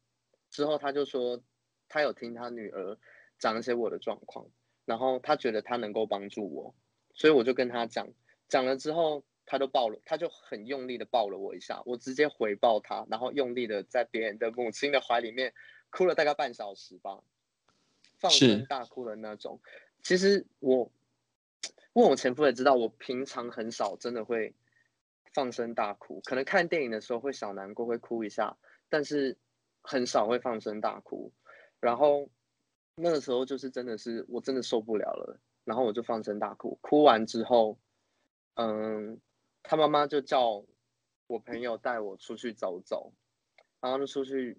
之後他就說他有聽他女兒講一些我的狀況，然後他覺得他能夠幫助我，所以我就跟他講，講了之後他都抱了，他就很用力的抱了我一下，我直接回抱他，然後用力的在別人的母親的懷裡面哭了大概半小時吧，放聲大哭的那種。是其實我問，我前夫也知道，我平常很少真的會。放聲大哭，可能看電影的時候會小難過，會哭一下，但是很少會放聲大哭。然後那個時候就是真的是我真的受不了了，然後我就放聲大哭。哭完之後，嗯，他媽媽就叫我朋友帶我出去走走，然後就出去。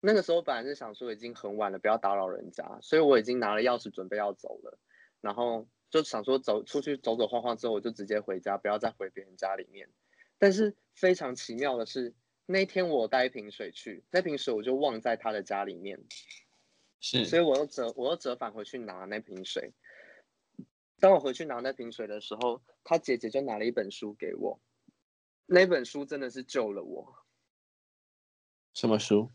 那個時候本來是想說已經很晚了，不要打擾人家，所以我已經拿了鑰匙準備要走了，然後就想說走出去走走晃晃之後，我就直接回家，不要再回別人家裡面。但是非常奇妙的是，那天我帶一瓶水去，那瓶水我就忘在他的家裡面，是，所以我又折我又折返回去拿那瓶水。當我回去拿那瓶水的時候，他姐姐就拿了一本書給我，那本書真的是救了我。什麼書？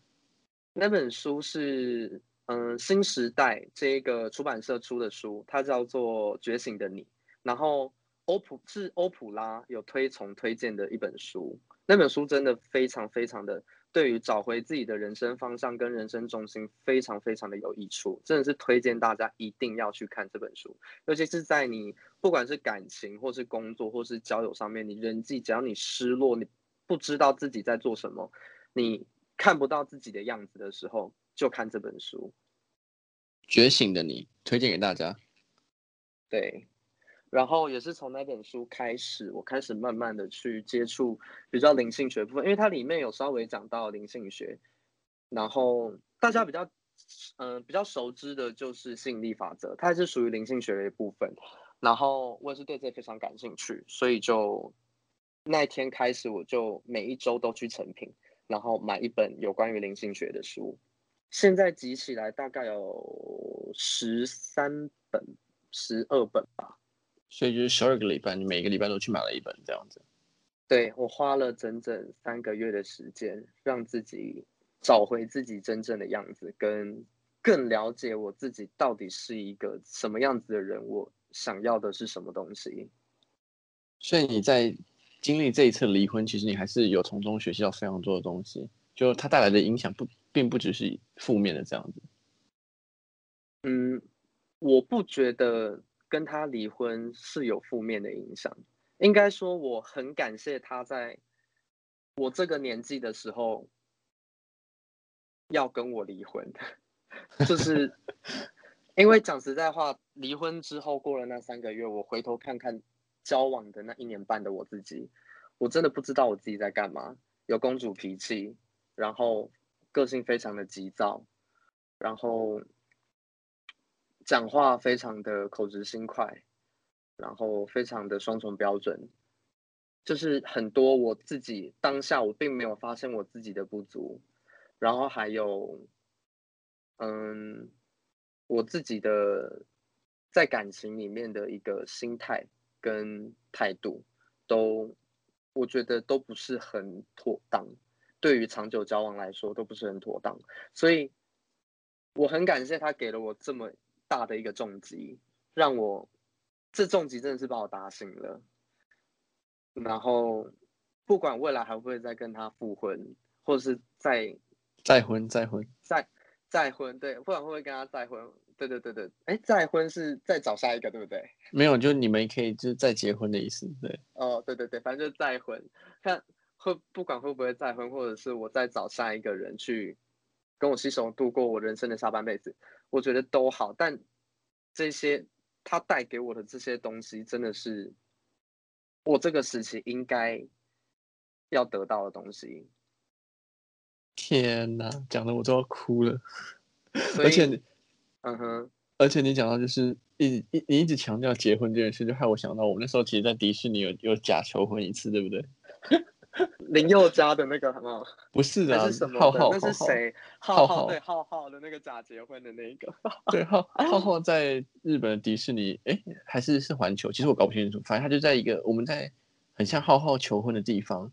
那本書是嗯、呃、新時代這個出版社出的書，它叫做《覺醒的你》，然後。歐普是歐普拉有推崇推薦的一本書，那本書真的非常非常的對於找回自己的人生方向跟人生重心非常非常的有益處，真的是推薦大家一定要去看這本書。尤其是在你不管是感情或是工作或是交友上面，你人際只要你失落，你不知道自己在做什麼，你看不到自己的樣子的時候，就看這本書《覺醒的你》，推薦給大家。對。然後也是從那本書開始，我開始慢慢的去接觸比較靈性學的部分，因為它裡面有稍微講到靈性學。然後大家比較嗯、呃、比較熟知的就是吸引力法則，它還是屬於靈性學的一部分。然後我也是對這非常感興趣，所以就那一天開始，我就每一周都去誠品，然後買一本有關於靈性學的書。現在集起來大概有十三本、十二本吧。所以就是十二個禮拜，你每個禮拜都去買了一本這樣子。對，我花了整整三個月的時間，讓自己找回自己真正的樣子，跟更了解我自己到底是一個什麼樣子的人，我想要的是什麼東西。所以你在經歷這一次離婚，其實你還是有從中學習到非常多的東西，就它帶來的影響不，並不只是負面的這樣子。嗯，我不覺得。跟他離婚是有負面的影響，應該說我很感謝他在我這個年紀的時候要跟我離婚， 就是因為講實在話，離婚之後過了那三個月，我回頭看看交往的那一年半的我自己，我真的不知道我自己在幹嘛，有公主脾氣，然後個性非常的急躁，然後。講話非常的口直心快，然後非常的雙重標準，就是很多我自己當下我並沒有發現我自己的不足，然後還有，嗯，我自己的在感情裡面的一個心態跟態度都，都我覺得都不是很妥當，對於長久交往來說都不是很妥當，所以我很感謝他給了我這麼。大的一個重擊，讓我這重擊真的是把我打醒了。然後，不管未來還會不會再跟他復婚，或者是再再婚、再婚、再再婚，對，不管會不會跟他再婚，對對對對，哎，再婚是再找下一個，對不對？沒有，就你們可以就再結婚的意思，對。哦，對對對，反正就是再婚，但會不管會不會再婚，或者是我再找下一個人去跟我攜手度過我人生的下半輩子，我覺得都好，但這些他帶給我的這些東西，真的是我這個時期應該要得到的東西。天哪，講的我都要哭了，所以，而且你，嗯哼，而且你講到就是一直，一，你一直強調結婚這件事，就害我想到我那時候其實，在迪士尼有有假求婚一次，對不對？ 林宥嘉的那個什麼？ 不是的，啊，是什麼的？浩浩浩浩那是誰？浩浩，浩，浩對浩浩的那個假結婚的那個。對浩 浩浩在日本的迪士尼，哎，欸，還是是環球？其實我搞不清楚。反正他就在一個我們在很像浩浩求婚的地方，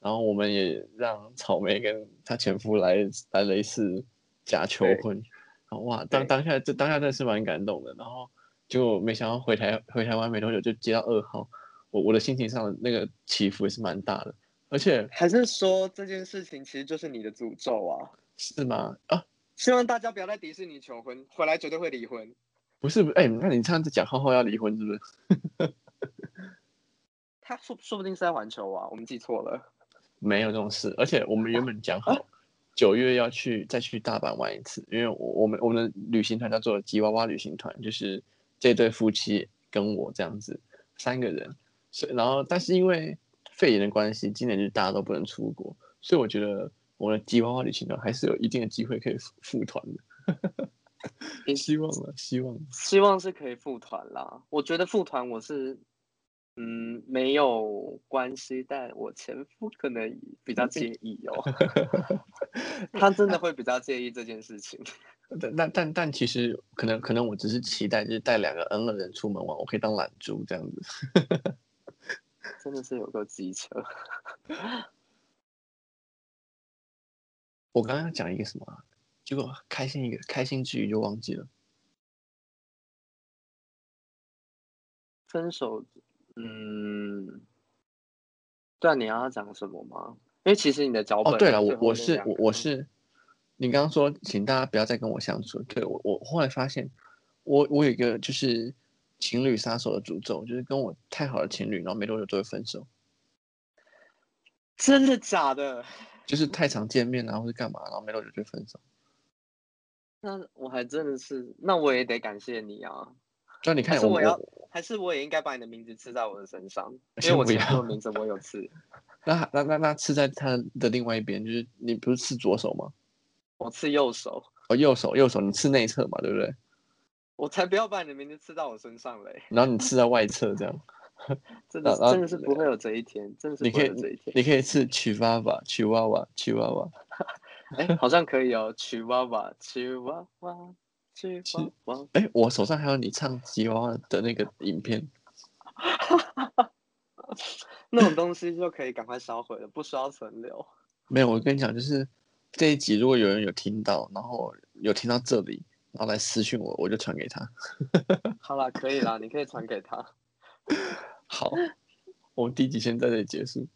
然後我們也讓草莓跟他前夫來來了一次假求婚。對然後哇，當對當下這當下真的是蠻感動的。然後就沒想到回台回台灣沒多久就接到噩耗。我我的心情上的那個起伏也是蠻大的，而且還是說這件事情其實就是你的詛咒啊？是嗎？啊！希望大家不要在迪士尼求婚，回來絕對會離婚。不是，不、欸、是，哎，那你上次講浩浩要離婚是不是？ 他說說不定是在環球啊，我們記錯了。沒有這種事，而且我們原本講好九月要去、啊、再去大阪玩一次，因為我我們我們的旅行團叫做吉娃娃旅行團，就是這對夫妻跟我這樣子三個人。是，然後但是因為肺炎的關係，今年就大家都不能出國，所以我覺得我的吉娃娃旅行團還是有一定的機會可以復團的。有 希望了，希望，希望是可以復團啦。我覺得復團我是嗯沒有關係，但我前夫可能比較介意哦。 他真的會比較介意這件事情。 但但但，但其實可能可能我只是期待就是帶兩個 N 的人出門玩，我可以當懶豬這樣子。 真的是有個機車。 我剛剛講一個什麼、啊？結果開心一個，開心之餘就忘記了。分手，嗯，對啊，你要講什麼嗎？因為其實你的腳本、啊……哦，對了，我我是我我是，你剛剛說請大家不要再跟我相處，對我我後來發現，我我有一個就是。情侶殺手的詛咒就是跟我太好的情侶，然後沒多久就會分手。真的假的？就是太常見面啊，或是幹嘛，然後沒多久就分手。那我還真的是，那我也得感謝你啊！就你看你我，我要還是我也應該把你的名字刺在我的身上，因為我其他的名字我有刺。 那那那那，那刺在他的另外一邊，就是你不是刺左手嗎？我刺右手。哦，右手，右手，你刺內側嘛，對不對？我才不要把你明天刺到我身上嘞！然後你刺到外側這樣， 真的後真的是不會有這一天，真的是不會有這一天。你可以刺吉娃娃吉娃娃吉娃娃，哎 欸，好像可以哦，吉娃娃吉娃娃吉娃娃。哎、欸，我手上還有你唱吉娃娃的那個影片， 那種東西就可以趕快燒毀了，不需要存留。 沒有，我跟你講，就是這一集，如果有人有聽到，然後有聽到這裡，然後、哦、來私訊我，我就傳給他。 好了，可以了，你可以傳給他。 好，我們第幾集在這裡結束？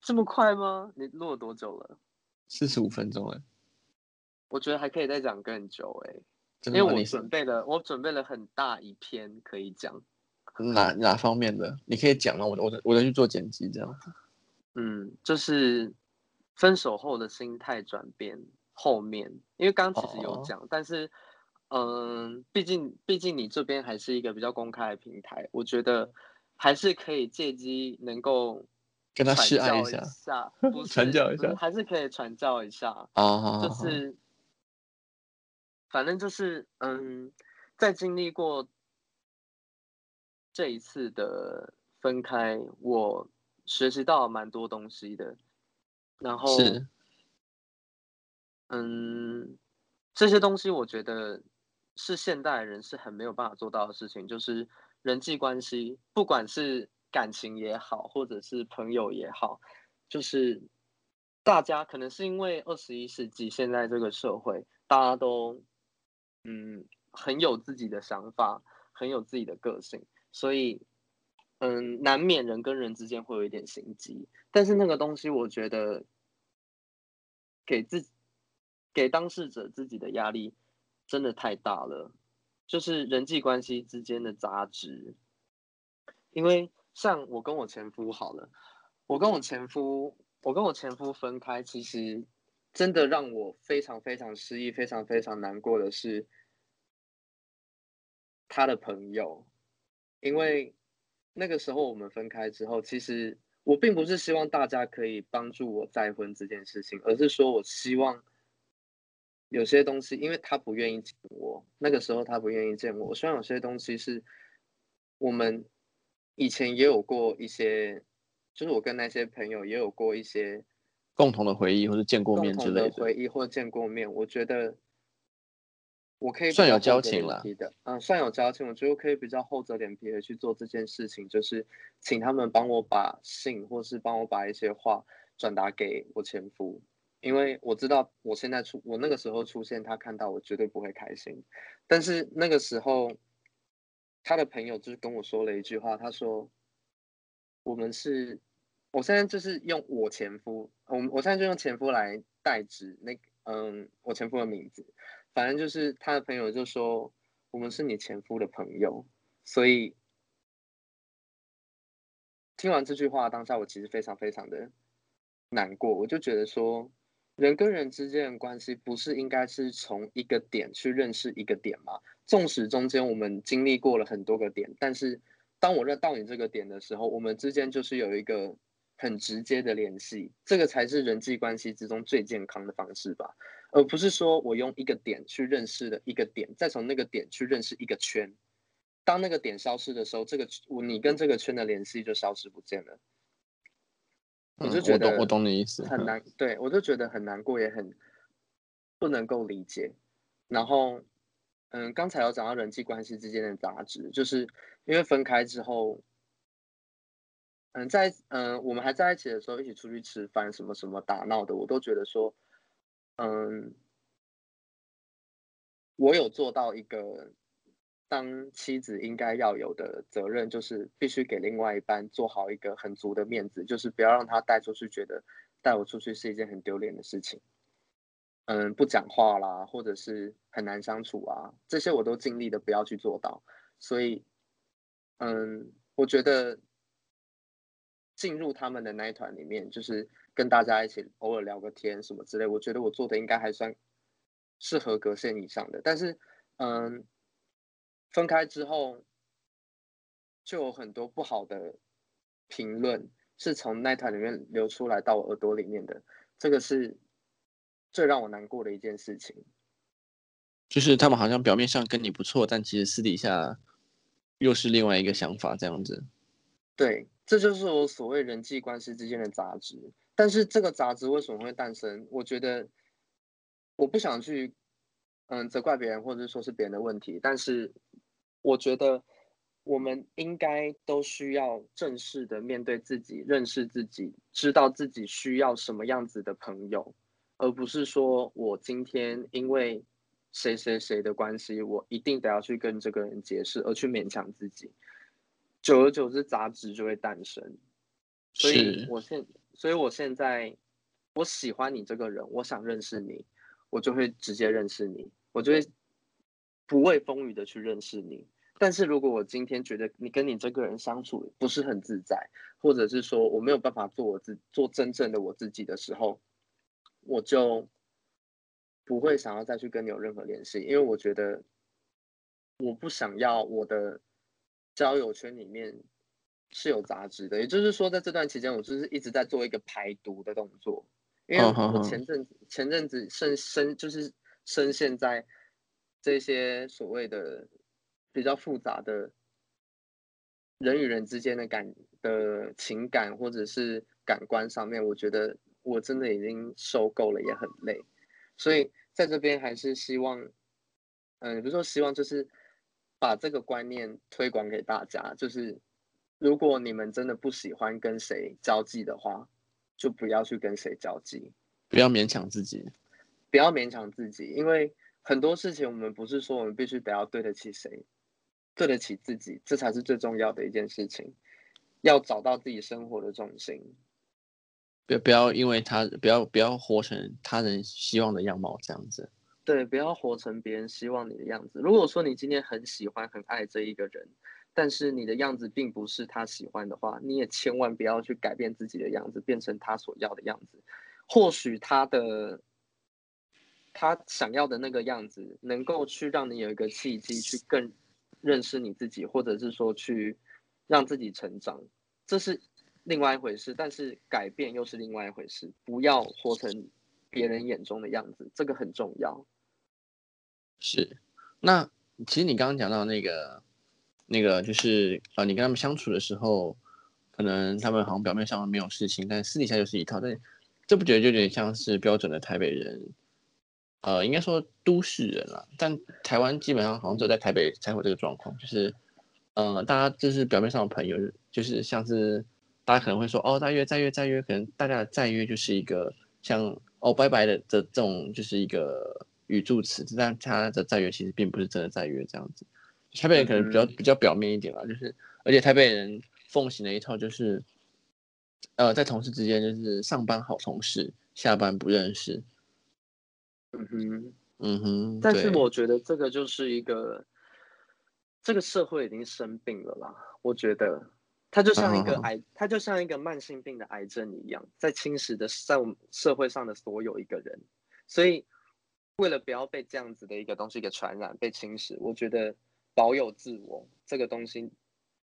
這麼快嗎？你錄了多久了？四十五分鐘了。我覺得還可以再講更久哎、欸，因為我準備了，我準備了很大一篇可以講。哪哪方面的？你可以講了、啊，我我我再去做剪輯這樣。嗯，就是分手後的心態轉變。後面，因為剛其實有講，oh. 但是，嗯，畢竟畢竟你這邊還是一個比較公開的平台，我覺得還是可以借機能夠跟他傳教一下，不是 傳教一下，還是可以傳教一下啊，oh. 就是，oh. 反正就是，嗯，在經歷過這一次的分開，我學習到蠻多東西的，然後。是嗯，這些東西我覺得是現代人是很沒有辦法做到的事情，就是人際關係，不管是感情也好，或者是朋友也好，就是大家可能是因為二十一世紀現在這個社會，大家都嗯很有自己的想法，很有自己的個性，所以嗯難免人跟人之間會有一點心機，但是那個東西我覺得給自己。給當事者自己的壓力真的太大了，就是人際關係之間的雜質。因為像我跟我前夫好了，我跟我前夫，我跟我前夫分開，其實真的讓我非常非常失意，非常非常難過的是他的朋友。因為那個時候我們分開之後，其實我並不是希望大家可以幫助我再婚這件事情，而是說我希望。有些東西，因為他不願意見我，那個時候他不願意見我。我希望有些東西是我們以前也有過一些，就是我跟那些朋友也有過一些共同的回憶或是見過面之類的，的回憶或見過面。我覺得我可以算有交情了，嗯，算有交情，我覺得我可以比較厚着臉皮的去做這件事情，就是請他們幫我把信或是幫我把一些話轉達給我前夫。因為我知道，我現在出我那個時候出現，他看到我絕對不會開心。但是那個時候，他的朋友就是跟我說了一句話，他說：“我們是……我現在就是用我前夫，我我現在就用前夫來代指那……嗯，我前夫的名字。反正就是他的朋友就說：‘我們是你前夫的朋友。’所以，聽完這句話，當下我其實非常非常的難過，我就覺得說。人跟人之間的關係不是應該是從一個點去認識一個點嗎？縱使中間我們經歷過了很多個點，但是當我認到你這個點的時候，我們之間就是有一個很直接的聯繫，這個才是人際關係之中最健康的方式吧，而不是說我用一個點去認識的一個點，再從那個點去認識一個圈，當那個點消失的時候，這個你跟這個圈的聯繫就消失不見了。我就覺得、嗯、我懂你意思，很難。對，我就覺得很難過，也很不能夠理解。然後，嗯，剛才有講到人際關係之間的雜質，就是因為分開之後，嗯，在嗯我們還在一起的時候，一起出去吃飯，什麼什麼打鬧的，我都覺得說，嗯，我有做到一個。當妻子應該要有的責任，就是必須給另外一半做好一個很足的面子，就是不要讓他帶出去，覺得帶我出去是一件很丟臉的事情。嗯，不講話啦，或者是很難相處啊，這些我都盡力的不要去做到。所以，嗯，我覺得進入他們的那一團裡面，就是跟大家一起偶爾聊個天什麼之類，我覺得我做的應該還算是合格線以上的。但是，嗯。分開之後，就有很多不好的評論是從那台裡面流出來到我耳朵裡面的，這個是最讓我難過的一件事情。就是他們好像表面上跟你不錯，但其實私底下又是另外一個想法，這樣子。對，這就是我所謂人際關係之間的雜質。但是這個雜質為什麼會誕生？我覺得我不想去嗯責怪別人，或者說是別人的問題，但是。我覺得我們應該都需要正式的面對自己，認識自己，知道自己需要什麼樣子的朋友，而不是說我今天因為誰誰誰的關係，我一定得要去跟這個人解釋，而去勉強自己。久而久之，雜質就會誕生。所以，我現，是所以我現在，我喜歡你這個人，我想認識你，我就會直接認識你，我就會。不畏風雨的去認識你，但是如果我今天覺得你跟你這個人相處不是很自在，或者是說我沒有辦法做我自做真正的我自己的時候，我就不會想要再去跟你有任何聯繫，因為我覺得我不想要我的交友圈裡面是有雜質的。也就是說，在這段期間，我就是一直在做一個排毒的動作，因為我前陣子 oh, oh, oh. 前陣子深深就是深陷在。這些所謂的比較複雜的，人與人之間的感的情感，或者是感官上面，我覺得我真的已經受夠了，也很累。所以在這邊還是希望，嗯，不是說希望，就是把這個觀念推廣給大家。就是如果你們真的不喜歡跟誰交際的話，就不要去跟誰交際，不要勉強自己，不要勉強自己，因為。很多事情我們不是說我們必須得要對得起誰，對得起自己，這才是最重要的一件事情。要找到自己生活的重心，不要，不要因為他，不要不要活成他人希望的樣貌這樣子。對，不要活成別人希望你的樣子。如果說你今天很喜歡很愛這一個人，但是你的樣子並不是他喜歡的話，你也千萬不要去改變自己的樣子，變成他所要的樣子。或許他的。他想要的那個樣子，能夠去讓你有一個契機去更認識你自己，或者是說去讓自己成長，這是另外一回事。但是改變又是另外一回事。不要活成別人眼中的樣子，這個很重要。是，那其實你剛剛講到那個，那個就是啊，你跟他們相處的時候，可能他們好像表面上沒有事情，但私底下就是一套。但這不覺得就有點像是標準的台北人？呃，應該說都市人啦，但台灣基本上好像只有在台北才會這個狀況，就是，呃，大家就是表面上的朋友，就是像是大家可能會說哦再約再約再約，可能大家的再約就是一個像哦拜拜的這這種就是一個語助詞，但他的再約其實並不是真的再約這樣子。台北人可能比較比較表面一點啦，就是而且台北人奉行的一套就是，呃，在同事之間就是上班好同事，下班不認識。嗯哼，嗯哼，但是我覺得這個就是一個，對這個社會已經生病了啦。我覺得它就像一個癌，uh huh. 它就像一個慢性病的癌症一樣，在侵蝕的在我們社會上的所有一個人。所以，為了不要被這樣子的一個東西給傳染、被侵蝕，我覺得保有自我這個東西。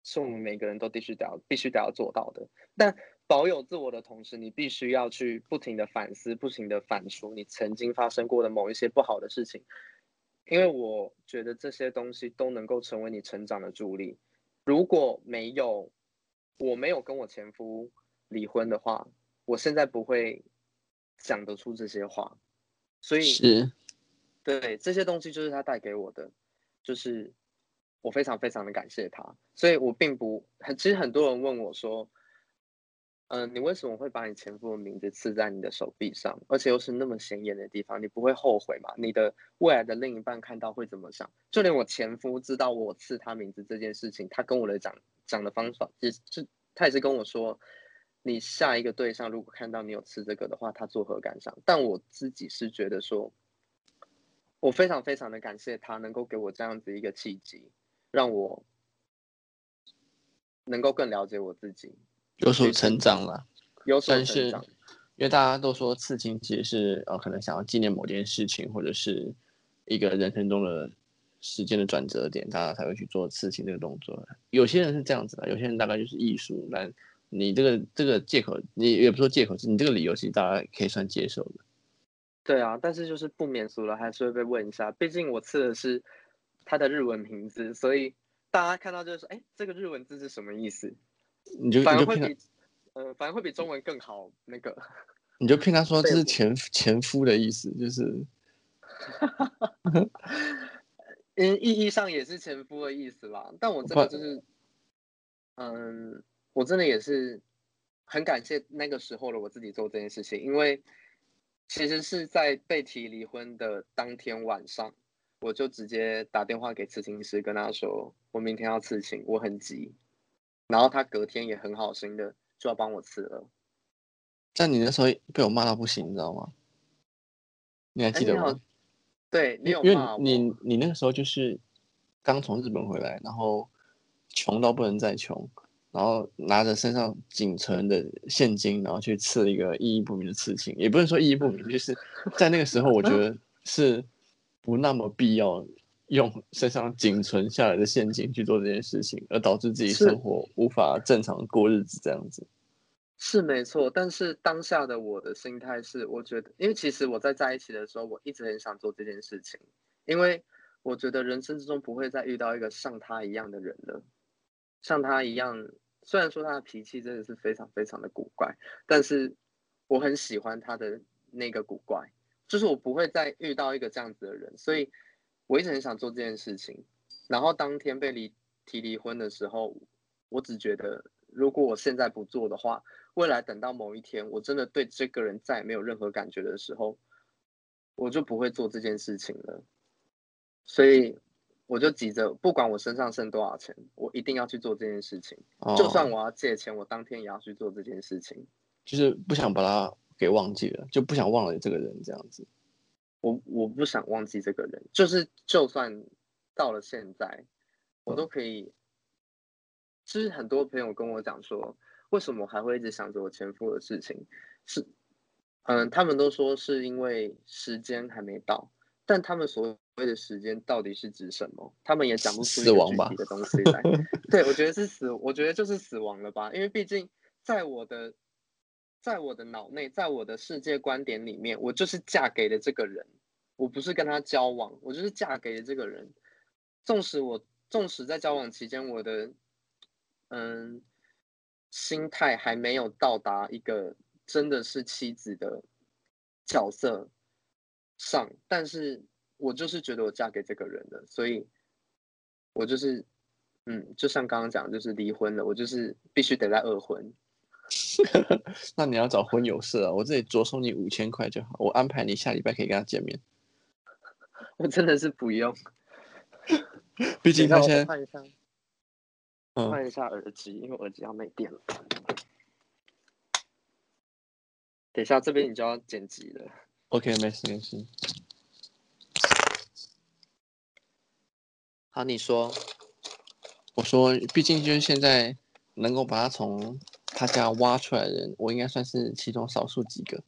是我們每個人都必須得要必須得要做到的。但保有自我的同時，你必須要去不停的反思，不停的反芻你曾經發生過的某一些不好的事情，因為我覺得這些東西都能夠成為你成長的助力。如果沒有，我沒有跟我前夫離婚的話，我現在不會講得出這些話。所以是，對這些東西就是他帶給我的，就是。我非常非常的感謝他，所以我並不很。其實很多人問我說：“嗯、呃，你為什麼會把你前夫的名字刺在你的手臂上，而且又是那麼顯眼的地方？你不會後悔嗎？你的未來的另一半看到會怎麼想？”就連我前夫知道我刺他名字這件事情，他跟我的講講的方法也是，他也是跟我說：“你下一個對象如果看到你有刺這個的話，他作何感想？”但我自己是覺得說，我非常非常的感謝他能夠給我這樣子一個契機。讓我能夠更了解我自己，有所成長了。有所成長，因為大家都說刺青其實是呃、哦，可能想要紀念某件事情，或者是一個人生中的時間的轉折點，大家才會去做刺青這個動作。有些人是這樣子的，有些人大概就是藝術。但你這個這個借口，你也不說借口，你這個理由，其實大家可以算接受的。對啊，但是就是不免俗了，還是會被問一下。畢竟我刺的是。他的日文名字，所以大家看到就是說，哎、欸，這個日文字是什麼意思？你就，你就反而會比，呃，反而會比中文更好那個。你就騙他說這是前對前夫的意思，就是，哈嗯，意義上也是前夫的意思吧？但我這個就是，不嗯，我真的也是很感謝那個時候的我自己做這件事情，因為其實是在被提離婚的當天晚上。我就直接打電話給刺青師，跟他說我明天要刺青，我很急。然後他隔天也很好心的就要幫我刺了。但你那時候被我罵到不行，你知道嗎？你還記得嗎？欸、對，你有罵我。因為你你那個時候就是剛從日本回來，然後窮到不能再窮，然後拿着身上僅存的現金，然後去刺一個意義不明的刺青，也不是說意義不明，就是在那個時候我覺得是。 不那麼必要用身上僅存下來的現金去做這件事情，而導致自己生活無法正常過日子，這樣子是，是沒錯。但是當下的我的心態是，我覺得，因為其實我在在一起的時候，我一直很想做這件事情，因為我覺得人生之中不會再遇到一個像他一樣的人了。像他一樣，雖然說他的脾氣真的是非常非常的古怪，但是我很喜歡他的那個古怪。就是我不會再遇到一個這樣子的人，所以我一直很想做這件事情。然後當天被離提離婚的時候，我只覺得如果我現在不做的話，未來等到某一天我真的對這個人再也沒有任何感覺的時候，我就不會做這件事情了。所以我就急着，不管我身上剩多少錢，我一定要去做這件事情。就算我要借錢，我當天也要去做這件事情。就是不想把他。給忘記了，就不想忘了這個人這樣子。我我不想忘記這個人，就是就算到了現在，我都可以。嗯、其實很多朋友跟我講說，為什麼我還會一直想着我前夫的事情？是，嗯，他們都說是因為時間還沒到，但他們所謂的時間到底是指什麼？他們也講不出一個具體的東西來。死亡吧？ 對，我覺得是死，我覺得就是死亡了吧，因為畢竟在我的。在我的腦內，在我的世界觀點裡面，我就是嫁給了這個人，我不是跟他交往，我就是嫁給了這個人。縱使我縱使在交往期間，我的嗯、呃、心態還沒有到達一個真的是妻子的角色上，但是我就是覺得我嫁給這個人了，所以我就是嗯，就像剛剛講，就是離婚了，我就是必須得再二婚。 那你要找婚友社啊？我這裡酌收你五千塊就好，我安排你下禮拜可以跟他見面。我真的是不用， 畢竟他先換一下，一下耳機，因為我耳機要沒電了。等一下，這邊你就要剪輯了。OK，沒事沒事。好，你說。我說，畢竟就是現在能夠把他從。他想要挖出來的人，我應該算是其中少數幾個。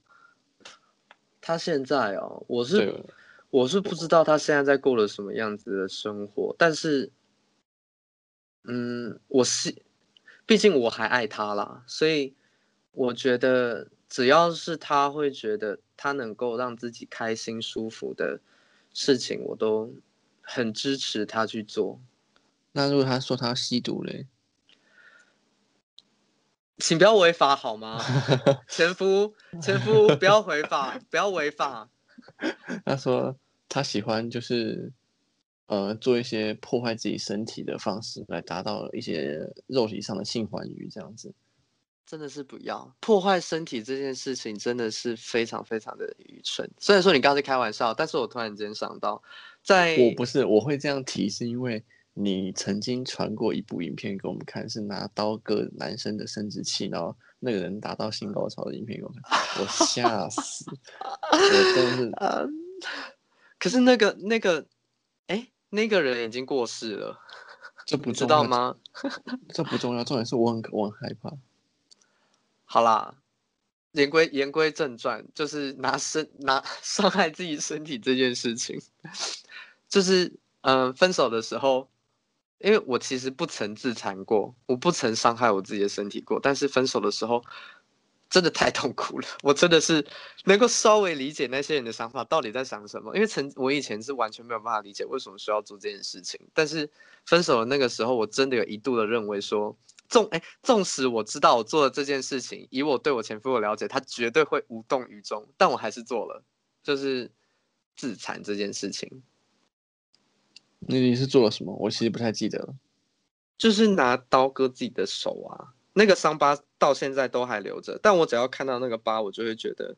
他現在哦，我是我是不知道他現在在過了什麼樣子的生活，但是，嗯，我是畢竟我還愛他啦，所以我覺得只要是他會覺得他能夠讓自己開心舒服的事情，我都很支持他去做。那如果他說他吸毒嘞？請不要違法好嗎？前夫， 前夫不要違法，不要違法。他說他喜歡就是呃做一些破壞自己身體的方式來達到一些肉體上的性歡愉這樣子。真的是不要破壞身體這件事情真的是非常非常的愚蠢。雖然說你剛才開玩笑，但是我突然間想到，在我不是我會這樣提是因為。你曾經傳過一部影片給我們看，是拿刀割男生的生殖器，然後那個人達到性高潮的影片給我們看，我嚇死， 我真是、嗯。可是那個那個，哎、欸，那個人已經過世了，這不重要嗎？這不重要，重點是我很我很害怕。好啦，言歸言歸正傳，就是拿身拿傷害自己身體這件事情，就是嗯、呃，分手的時候。因為我其實不曾自殘過，我不曾傷害我自己的身體過。但是分手的時候，真的太痛苦了。我真的是能夠稍微理解那些人的想法，到底在想什麼。因為曾我以前是完全沒有辦法理解為什麼需要做這件事情。但是分手的那個時候，我真的有一度的認為說，縱，哎，縱使我知道我做了這件事情，以我對我前夫的了解，他絕對會無動於衷，但我還是做了，就是自殘這件事情。那你是做了什麼？我其實不太記得了，就是拿刀割自己的手啊，那個傷疤到現在都還留着。但我只要看到那個疤，我就會覺得，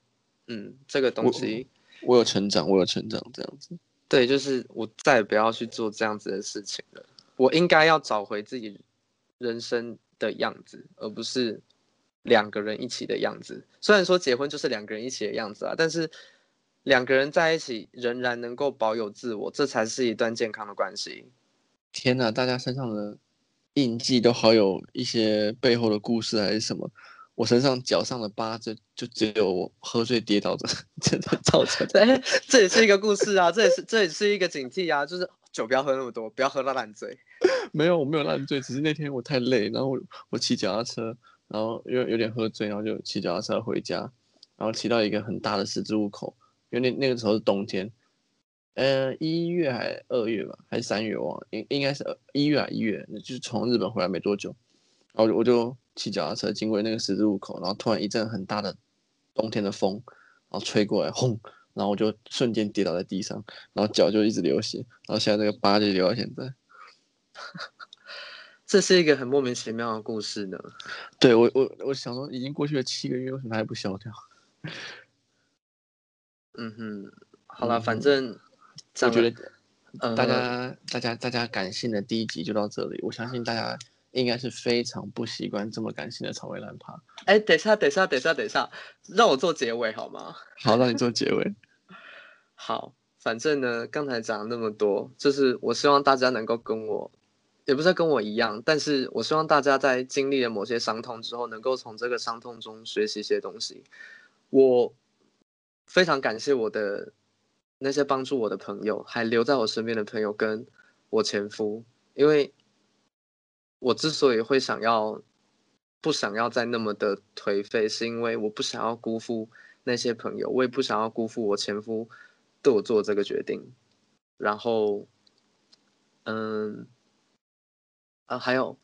嗯，這個東西，我，我有成長，我有成長，這樣子。對，就是我再也不要去做這樣子的事情了。我應該要找回自己人生的樣子，而不是兩個人一起的樣子。雖然說，結婚就是兩個人一起的樣子啊，但是。兩個人在一起，仍然能夠保有自我，這才是一段健康的關係。天哪，大家身上的印記都好，有一些背後的故事還是什麼？我身上腳上的疤，這就只有我喝醉跌倒的這造成。這也是一個故事啊， 這也是這也是一個警惕啊，就是酒不要喝那麼多，不要喝到爛醉。沒有，我沒有爛醉，只是那天我太累，然後我我騎腳踏車，然後又有，有點喝醉，然後就騎腳踏車回家，然後騎到一個很大的十字路口。因為那那個時候是冬天，呃，一月還二月吧，還是三月我忘了，應應該是一月啊一月，就是從日本回來沒多久，然後我就，我就騎腳踏車經過那個十字路口，然後突然一陣很大的冬天的風，然後吹過來，轟，然後我就瞬間跌倒在地上，然後腳就一直流血，然後現在那個疤就留到現在。這是一個很莫名其妙的故事呢。對我我我想說，已經過去了七個月，為什麼還不消掉？嗯哼，好了，反正，嗯、了，我覺得大家，呃、大家大家感性的第一集就到這裡，我相信大家應該是非常不習慣這麼感性的草莓覽趴。哎，等一下等一下等一下等一下，讓我做結尾好嗎？好，讓你做結尾。 好，反正呢，剛才講了那麼多，就是我希望大家能夠跟我，也不是跟我一樣，但是我希望大家在經歷了某些傷痛之後，能夠從這個傷痛中學習一些東西。我。非常感謝我的那些幫助我的朋友，還留在我身邊的朋友，跟我前夫，因為，我之所以會想要不想要再那麼的頹廢，是因為我不想要辜負那些朋友，我也不想要辜負我前夫對我做這個決定，然後，嗯，啊，還有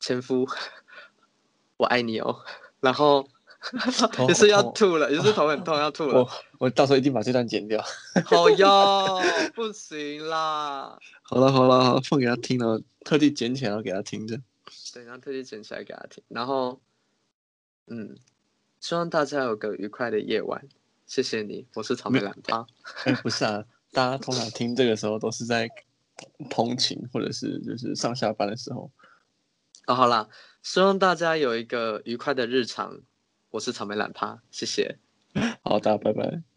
前夫， 我愛你哦，然後。 也是要吐了，喔喔、也是頭很痛、喔、要吐了。我、喔、我到時候一定把這段剪掉。好呀用，呵呵不行啦。好了好了好了，放給他聽了，然後特地剪起來然後給他聽着。對，然後特地剪起來給他聽。然後，嗯，希望大家有個愉快的夜晚。謝謝你，我是草莓覽趴、欸。不是啊， 大家通常聽這個時候都是在通勤或者是就是上下班的時候。啊、喔，好啦，希望大家有一個愉快的日常。我是草莓覽趴，謝謝。 好的，拜拜。